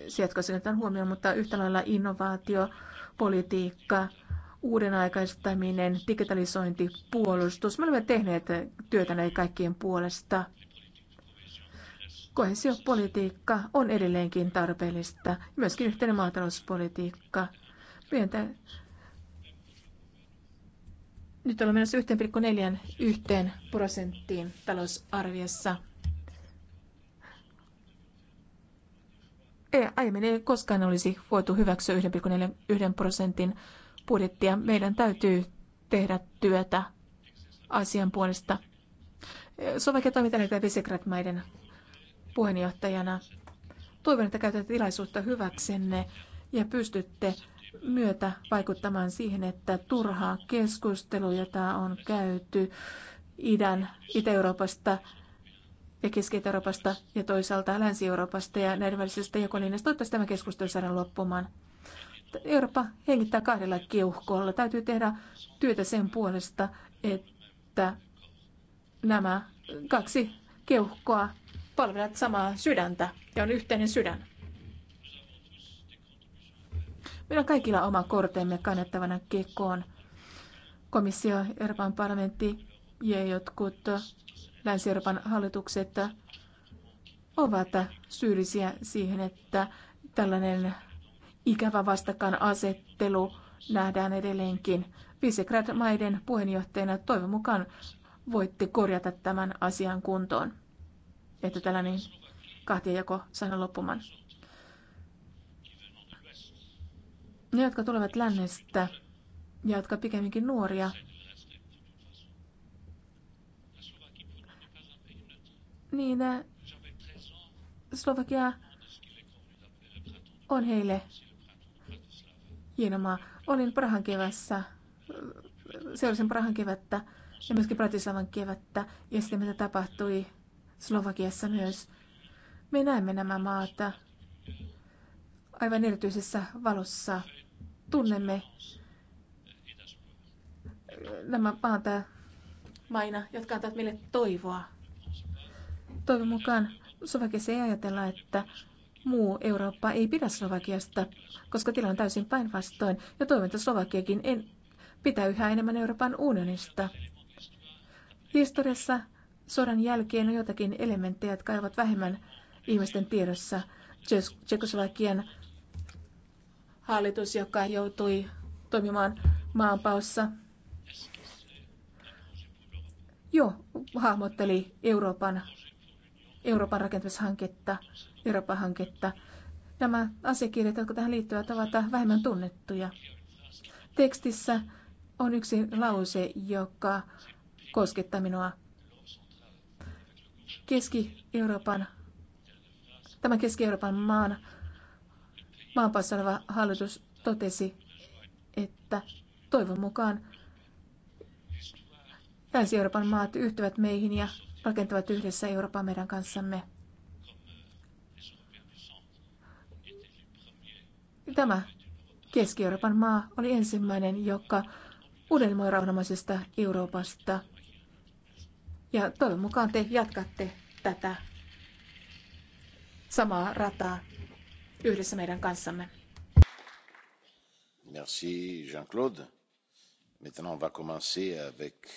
Speaker 4: sieltä otetaan huomioon, mutta yhtä lailla innovaatiopolitiikka uuden digitalisointi, puolustus. Me olemme tehneet työtä näiden kaikkien puolesta. Kohesiopolitiikka on edelleenkin tarpeellista, myöskin yhteinen maatalouspolitiikka. Pientä nyt ollaan menossa 1,41 prosenttiin talousarviossa. Ei, aiemmin ei koskaan olisi voitu hyväksyä 1,41 prosentin budjettia. Meidän täytyy tehdä työtä asian puolesta. Slovakia toimintaneita Visegrad-maiden puheenjohtajana. Toivon, että käytätte tilaisuutta hyväksenne ja pystytte myötä vaikuttamaan siihen, että turhaa keskustelua, jota on käyty idän, Itä-Euroopasta ja Keski-Euroopasta ja toisaalta Länsi-Euroopasta ja näiden välisestä jakolinnasta, toivottavasti tämä keskustelu saadaan loppumaan. Eurooppa hengittää kahdella keuhkolla Täytyy tehdä työtä sen puolesta, että nämä kaksi keuhkoa palvelevat samaa sydäntä ja on yhteinen sydän. Meillä kaikilla oma kortemme kannettavana kekoon. Komissio, Euroopan parlamentti ja jotkut Länsi-Euroopan hallitukset ovat syyllisiä siihen, että tällainen ikävä vastakkainasettelu nähdään edelleenkin. Visegrad-maiden puheenjohtajana toivon mukaan voitte korjata tämän asian kuntoon, että tällainen kahtiajako saadaan loppumaan. Ne, jotka tulevat lännestä ja jotka pikemminkin nuoria, niin äh, Slovakia on heille hienomaa. Olin Prahan kevässä, seurasin Prahan kevättä ja myöskin Bratislavan kevättä ja sitten mitä tapahtui Slovakiassa myös. Me näemme nämä maata aivan erityisessä valossa. Tunnemme nämä maat maina, jotka antavat meille toivoa. Toivon mukaan Slovakiassa ei ajatella, että muu Eurooppa ei pidä Slovakiasta, koska tilanne on täysin päinvastoin, ja toivon, että Slovakiakin en pitää yhä enemmän Euroopan unionista. Historiassa sodan jälkeen on jotakin elementtejä, jotka ovat vähemmän ihmisten tiedossa. Tsekoslovakian hallitus, joka joutui toimimaan maanpaossa, jo hahmotteli Euroopan Euroopan rakentamishanketta, Euroopan hanketta. Nämä asiakirjat, jotka tähän liittyvät, ovat vähemmän tunnettuja. Tekstissä on yksi lause, joka koskettaa minua. Keski-Euroopan, tämä Keski-Euroopan maan maanpaassa oleva hallitus totesi, että toivon mukaan Länsi-Euroopan maat yhtyvät meihin ja rakentavat yhdessä Euroopan meidän kanssamme. Tämä Keski-Euroopan maa oli ensimmäinen, joka unelmoi rauhanomaisesta Euroopasta. Ja toivon mukaan te jatkatte tätä samaa rataa yhdessä meidän kanssamme.
Speaker 2: Merci Jean-Claude. Maintenant on va commencer avec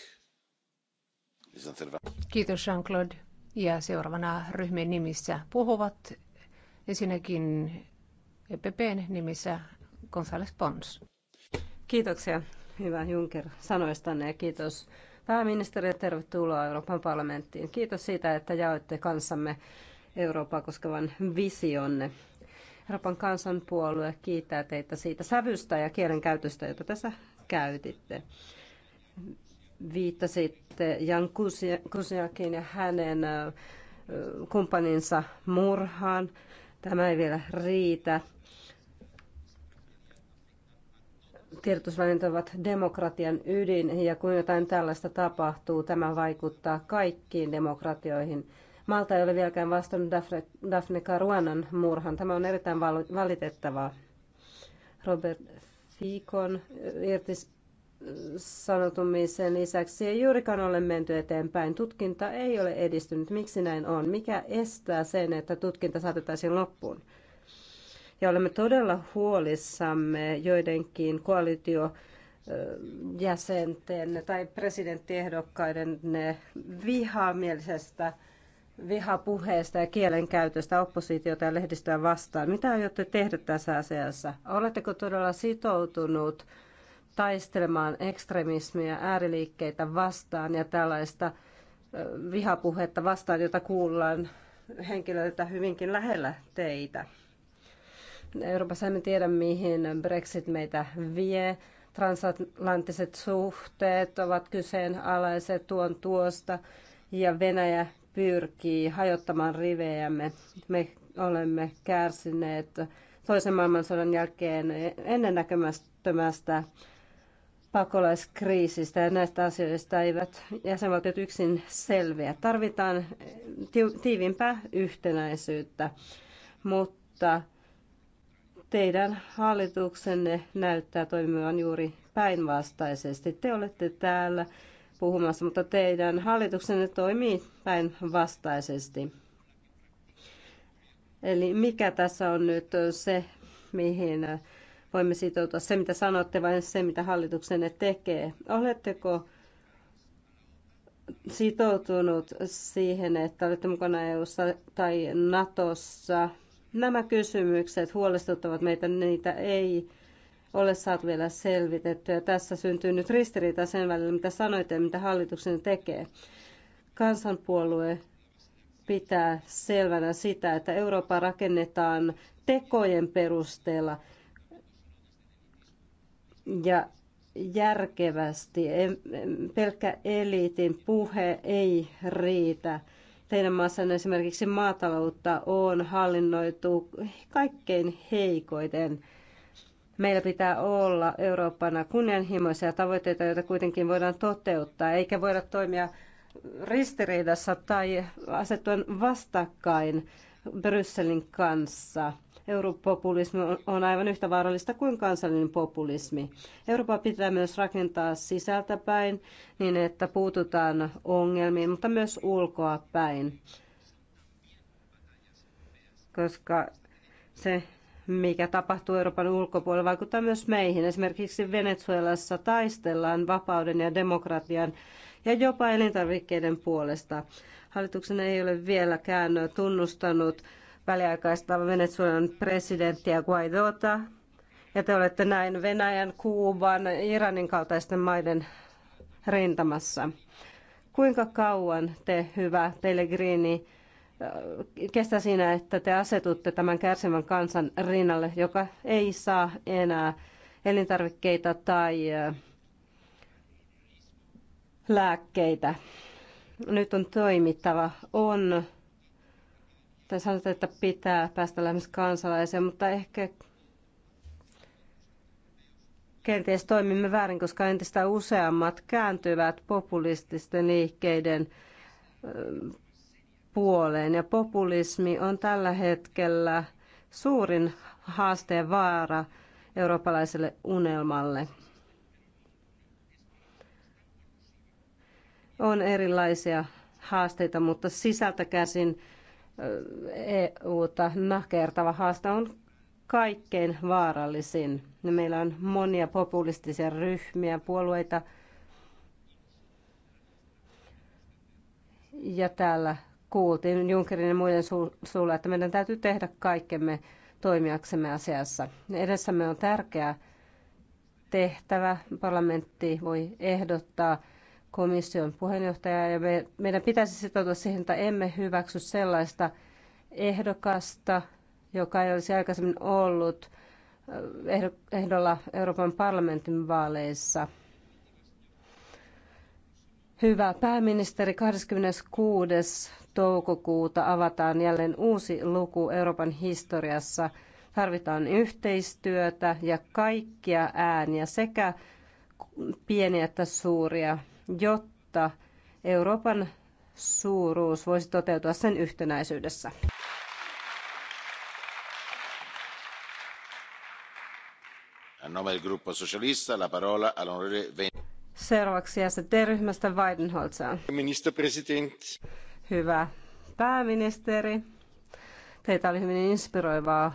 Speaker 1: Kiitos Jean-Claude. Ja seuraavana ryhmien nimissä puhuvat
Speaker 3: ensinnäkin EPPn nimissä González Pons. Kiitoksia, hyvä Juncker, sanoistanne ja kiitos pääministeri ja tervetuloa Euroopan parlamenttiin. Kiitos siitä, että jaoitte kanssamme Eurooppaa koskevan visionne. Euroopan kansanpuolue kiittää teitä siitä sävystä ja kielenkäytöstä, jota tässä käytitte viittasitte Jan Kusiakin ja hänen kumppaninsa murhaan. Tämä ei vielä riitä. Tiedotusvälineet ovat demokratian ydin ja kun jotain tällaista tapahtuu, tämä vaikuttaa kaikkiin demokratioihin. Malta ei ole vieläkään vastannut Daphne, Daphne Caruanan murhan. Tämä on erittäin valitettavaa. Robert Fikon irtis, sanoutumisen lisäksi ei juurikaan ole menty eteenpäin. Tutkinta ei ole edistynyt. Miksi näin on? Mikä estää sen, että tutkinta saatettaisiin loppuun? Ja olemme todella huolissamme joidenkin koalitio jäsenten tai presidenttiehdokkaiden vihamielisestä vihapuheesta ja kielenkäytöstä oppositiota ja lehdistöä vastaan. Mitä aiotte tehdä tässä asiassa? Oletteko todella sitoutunut taistelemaan ekstremismiä, ääriliikkeitä vastaan ja tällaista vihapuhetta vastaan, jota kuullaan henkilöiltä hyvinkin lähellä teitä. Euroopassa emme tiedä, mihin Brexit meitä vie. Transatlanttiset suhteet ovat kyseenalaiset tuon tuosta ja Venäjä pyrkii hajottamaan rivejämme. Me olemme kärsineet toisen maailmansodan jälkeen ennennäkemästömästä pakolaiskriisistä ja näistä asioista eivät jäsenvaltiot yksin selviä. Tarvitaan tiivimpää yhtenäisyyttä, mutta teidän hallituksenne näyttää toimivan juuri päinvastaisesti. Te olette täällä puhumassa, mutta teidän hallituksenne toimii päinvastaisesti. Eli mikä tässä on nyt se, mihin voimme sitoutua se, mitä sanotte, vai se, mitä hallituksenne tekee. Oletteko sitoutunut siihen, että olette mukana EU:ssa tai NATOssa? Nämä kysymykset huolestuttavat meitä, niitä ei ole saatu vielä selvitettyä. Tässä syntyy nyt ristiriita sen välillä, mitä sanoitte ja mitä hallituksen tekee. Kansanpuolue pitää selvänä sitä, että Eurooppa rakennetaan tekojen perusteella ja järkevästi. Pelkkä eliitin puhe ei riitä. Teidän maassanne esimerkiksi maataloutta on hallinnoitu kaikkein heikoiten. Meillä pitää olla Eurooppana kunnianhimoisia tavoitteita, joita kuitenkin voidaan toteuttaa, eikä voida toimia ristiriidassa tai asettuen vastakkain Brysselin kanssa. Europopulismi on aivan yhtä vaarallista kuin kansallinen populismi. Eurooppa pitää myös rakentaa sisältä päin niin, että puututaan ongelmiin, mutta myös ulkoa päin. Koska se, mikä tapahtuu Euroopan ulkopuolella, vaikuttaa myös meihin. Esimerkiksi Venezuelassa taistellaan vapauden ja demokratian ja jopa elintarvikkeiden puolesta. Hallituksen ei ole vieläkään tunnustanut väliaikaista Venezuelan presidenttiä Guaidota. Ja te olette näin Venäjän, Kuuban, Iranin kaltaisten maiden rintamassa. Kuinka kauan te, hyvä Pellegrini, äh, kestä siinä, että te asetutte tämän kärsivän kansan rinnalle, joka ei saa enää elintarvikkeita tai äh, lääkkeitä? nyt on toimittava, on, tai sanotaan, että pitää päästä lähemmäs kansalaisia, mutta ehkä kenties toimimme väärin, koska entistä useammat kääntyvät populististen liikkeiden puoleen. Ja populismi on tällä hetkellä suurin haasteen vaara eurooppalaiselle unelmalle. on erilaisia haasteita, mutta sisältä käsin EUta nakertava haaste on kaikkein vaarallisin. Meillä on monia populistisia ryhmiä, puolueita. Ja täällä kuultiin Junckerin ja muiden suulla, että meidän täytyy tehdä kaikkemme toimijaksemme asiassa. Edessämme on tärkeä tehtävä. Parlamentti voi ehdottaa komission puheenjohtaja ja me, meidän pitäisi sitoutua siihen, että emme hyväksy sellaista ehdokasta, joka ei olisi aikaisemmin ollut ehdolla Euroopan parlamentin vaaleissa. Hyvä pääministeri, 26. toukokuuta avataan jälleen uusi luku Euroopan historiassa. Tarvitaan yhteistyötä ja kaikkia ääniä, sekä pieniä että suuria jotta Euroopan suuruus voisi toteutua sen yhtenäisyydessä. Seuraavaksi ST-ryhmästä Weidenholzer. Hyvä pääministeri, teitä oli hyvin inspiroivaa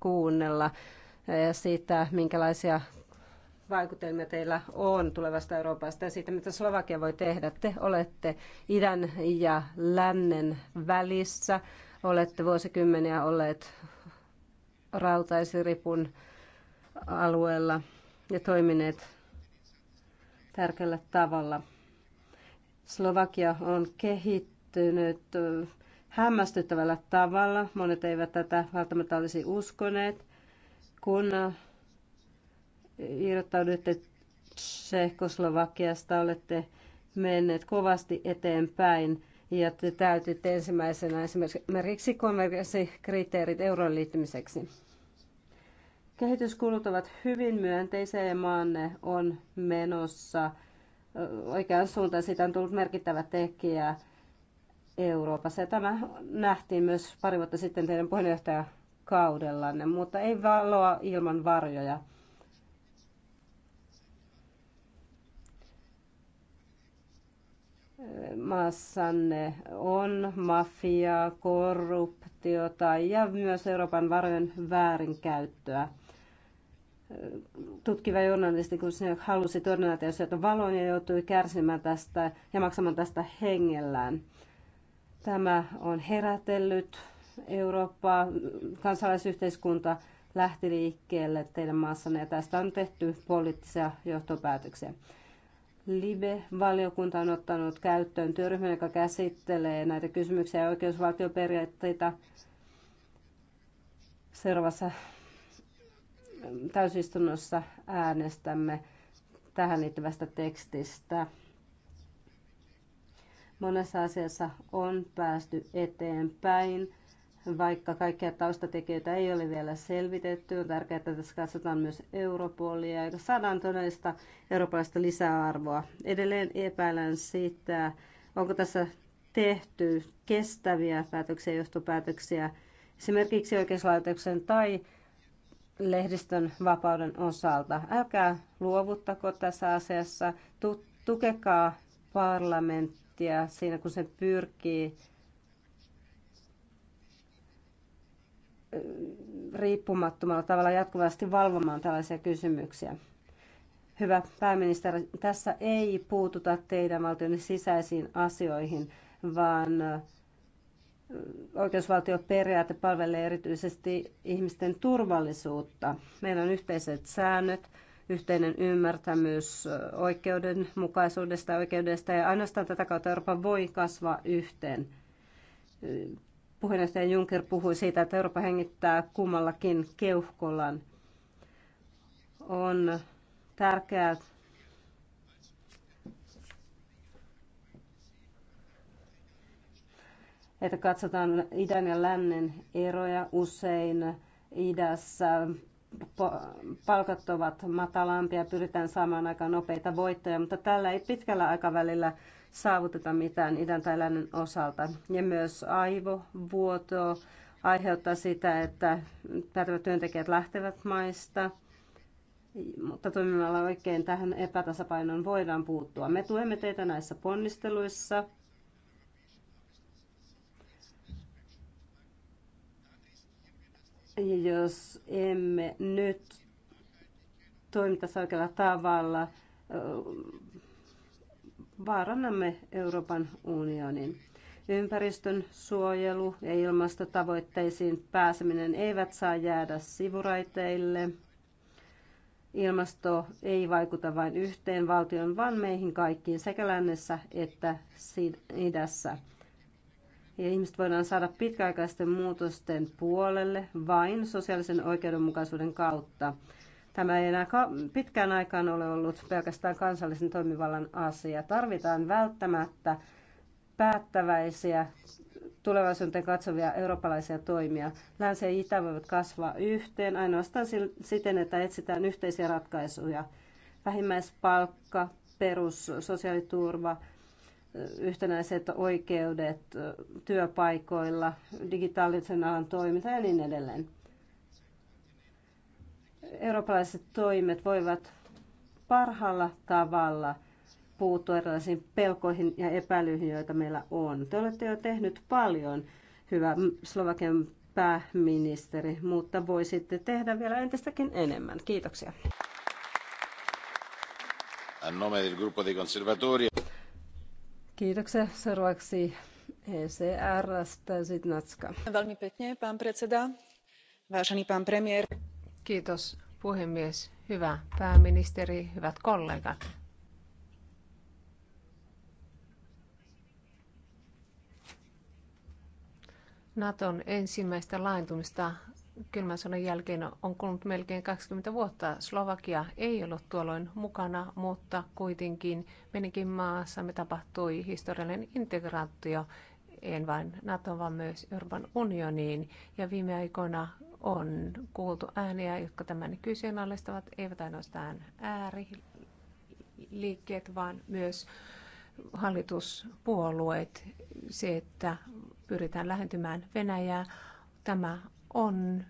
Speaker 3: kuunnella eh, siitä, minkälaisia vaikutelmia teillä on tulevasta Euroopasta ja siitä, mitä Slovakia voi tehdä? Te olette idän ja lännen välissä. Olette vuosikymmeniä olleet rautaisiripun alueella ja toimineet tärkeällä tavalla. Slovakia on kehittynyt hämmästyttävällä tavalla. Monet eivät tätä välttämättä olisi uskoneet, kun irrottauduitte Tsehkoslovakiasta, olette menneet kovasti eteenpäin ja te täytitte ensimmäisenä esimerkiksi konvergenssikriteerit euron liittymiseksi. Kehityskulut ovat hyvin myönteisiä ja maanne on menossa oikean suuntaan. Siitä on tullut merkittävä tekijä Euroopassa. Ja tämä nähtiin myös pari vuotta sitten teidän puheenjohtajakaudellanne, mutta ei valoa ilman varjoja. maassanne on mafia, korruptiota ja myös Euroopan varojen väärinkäyttöä. Tutkiva journalisti, kun se halusi sieltä valoon ja joutui kärsimään tästä ja maksamaan tästä hengellään. Tämä on herätellyt Eurooppaa, kansalaisyhteiskunta lähti liikkeelle teidän maassanne ja tästä on tehty poliittisia johtopäätöksiä. Libe-valiokunta on ottanut käyttöön työryhmän, joka käsittelee näitä kysymyksiä ja oikeusvaltioperiaatteita seuraavassa täysistunnossa äänestämme tähän liittyvästä tekstistä. Monessa asiassa on päästy eteenpäin vaikka kaikkia taustatekijöitä ei ole vielä selvitetty, on tärkeää, että tässä katsotaan myös Europolia ja saadaan todellista eurooppalaista lisäarvoa. Edelleen epäilen sitä, onko tässä tehty kestäviä päätöksiä, johtopäätöksiä esimerkiksi oikeuslaitoksen tai lehdistön vapauden osalta. Älkää luovuttako tässä asiassa, tukekaa parlamenttia siinä, kun se pyrkii riippumattomalla tavalla jatkuvasti valvomaan tällaisia kysymyksiä. Hyvä pääministeri, tässä ei puututa teidän valtion sisäisiin asioihin, vaan oikeusvaltioperiaate palvelee erityisesti ihmisten turvallisuutta. Meillä on yhteiset säännöt, yhteinen ymmärtämys oikeudenmukaisuudesta ja oikeudesta, ja ainoastaan tätä kautta Eurooppa voi kasvaa yhteen puheenjohtaja Juncker puhui siitä, että Eurooppa hengittää kummallakin keuhkollaan. On tärkeää että katsotaan idän ja lännen eroja usein. Idässä palkat ovat matalampia, pyritään saamaan aika nopeita voittoja, mutta tällä ei pitkällä aikavälillä saavuteta mitään idän tai lännen osalta. Ja myös aivovuoto aiheuttaa sitä, että pätevät työntekijät lähtevät maista, mutta toimimalla oikein tähän epätasapainoon voidaan puuttua. Me tuemme teitä näissä ponnisteluissa. Jos emme nyt toimita oikealla tavalla, vaarannamme Euroopan unionin. Ympäristön suojelu ja ilmastotavoitteisiin pääseminen eivät saa jäädä sivuraiteille. Ilmasto ei vaikuta vain yhteen valtion, vaan meihin kaikkiin sekä lännessä että idässä. Ja ihmiset voidaan saada pitkäaikaisten muutosten puolelle vain sosiaalisen oikeudenmukaisuuden kautta. Tämä ei enää pitkään aikaan ole ollut pelkästään kansallisen toimivallan asia. Tarvitaan välttämättä päättäväisiä tulevaisuuteen katsovia eurooppalaisia toimia. Länsi ja Itä voivat kasvaa yhteen ainoastaan siten, että etsitään yhteisiä ratkaisuja. Vähimmäispalkka, perus, sosiaaliturva, yhtenäiset oikeudet työpaikoilla, digitaalisen alan toiminta ja niin edelleen eurooppalaiset toimet voivat parhaalla tavalla puuttua erilaisiin pelkoihin ja epäilyihin, joita meillä on. Te olette jo tehnyt paljon, hyvä Slovakian pääministeri, mutta voisitte tehdä vielä entistäkin enemmän. Kiitoksia. Kiitoksia. Seuraavaksi ECR, Stasi Natska. Valmi pekne, pán predseda, vážený
Speaker 1: pán premier. Kiitos puhemies, hyvä pääministeri, hyvät kollegat. Naton ensimmäistä laajentumista kylmän sodan jälkeen on kulunut melkein 20 vuotta. Slovakia ei ollut tuolloin mukana, mutta kuitenkin menikin maassamme tapahtui historiallinen integraatio en vain NATO, vaan myös Euroopan unioniin. Ja viime aikoina on kuultu ääniä, jotka tämän kyseenalaistavat, eivät ainoastaan ääriliikkeet, vaan myös hallituspuolueet. Se, että pyritään lähentymään Venäjää, tämä on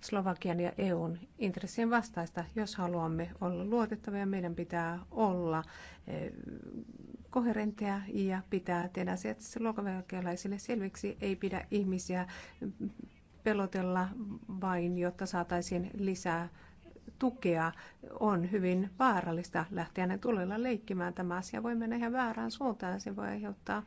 Speaker 1: Slovakian ja EUn intressien vastaista, jos haluamme olla luotettavia. Meidän pitää olla eh, koherentteja ja pitää tehdä asiat luokavelkealaisille selviksi. Ei pidä ihmisiä pelotella vain, jotta saataisiin lisää tukea on hyvin vaarallista lähteä ne tulella leikkimään. Tämä asia voi mennä ihan väärään suuntaan. Se voi aiheuttaa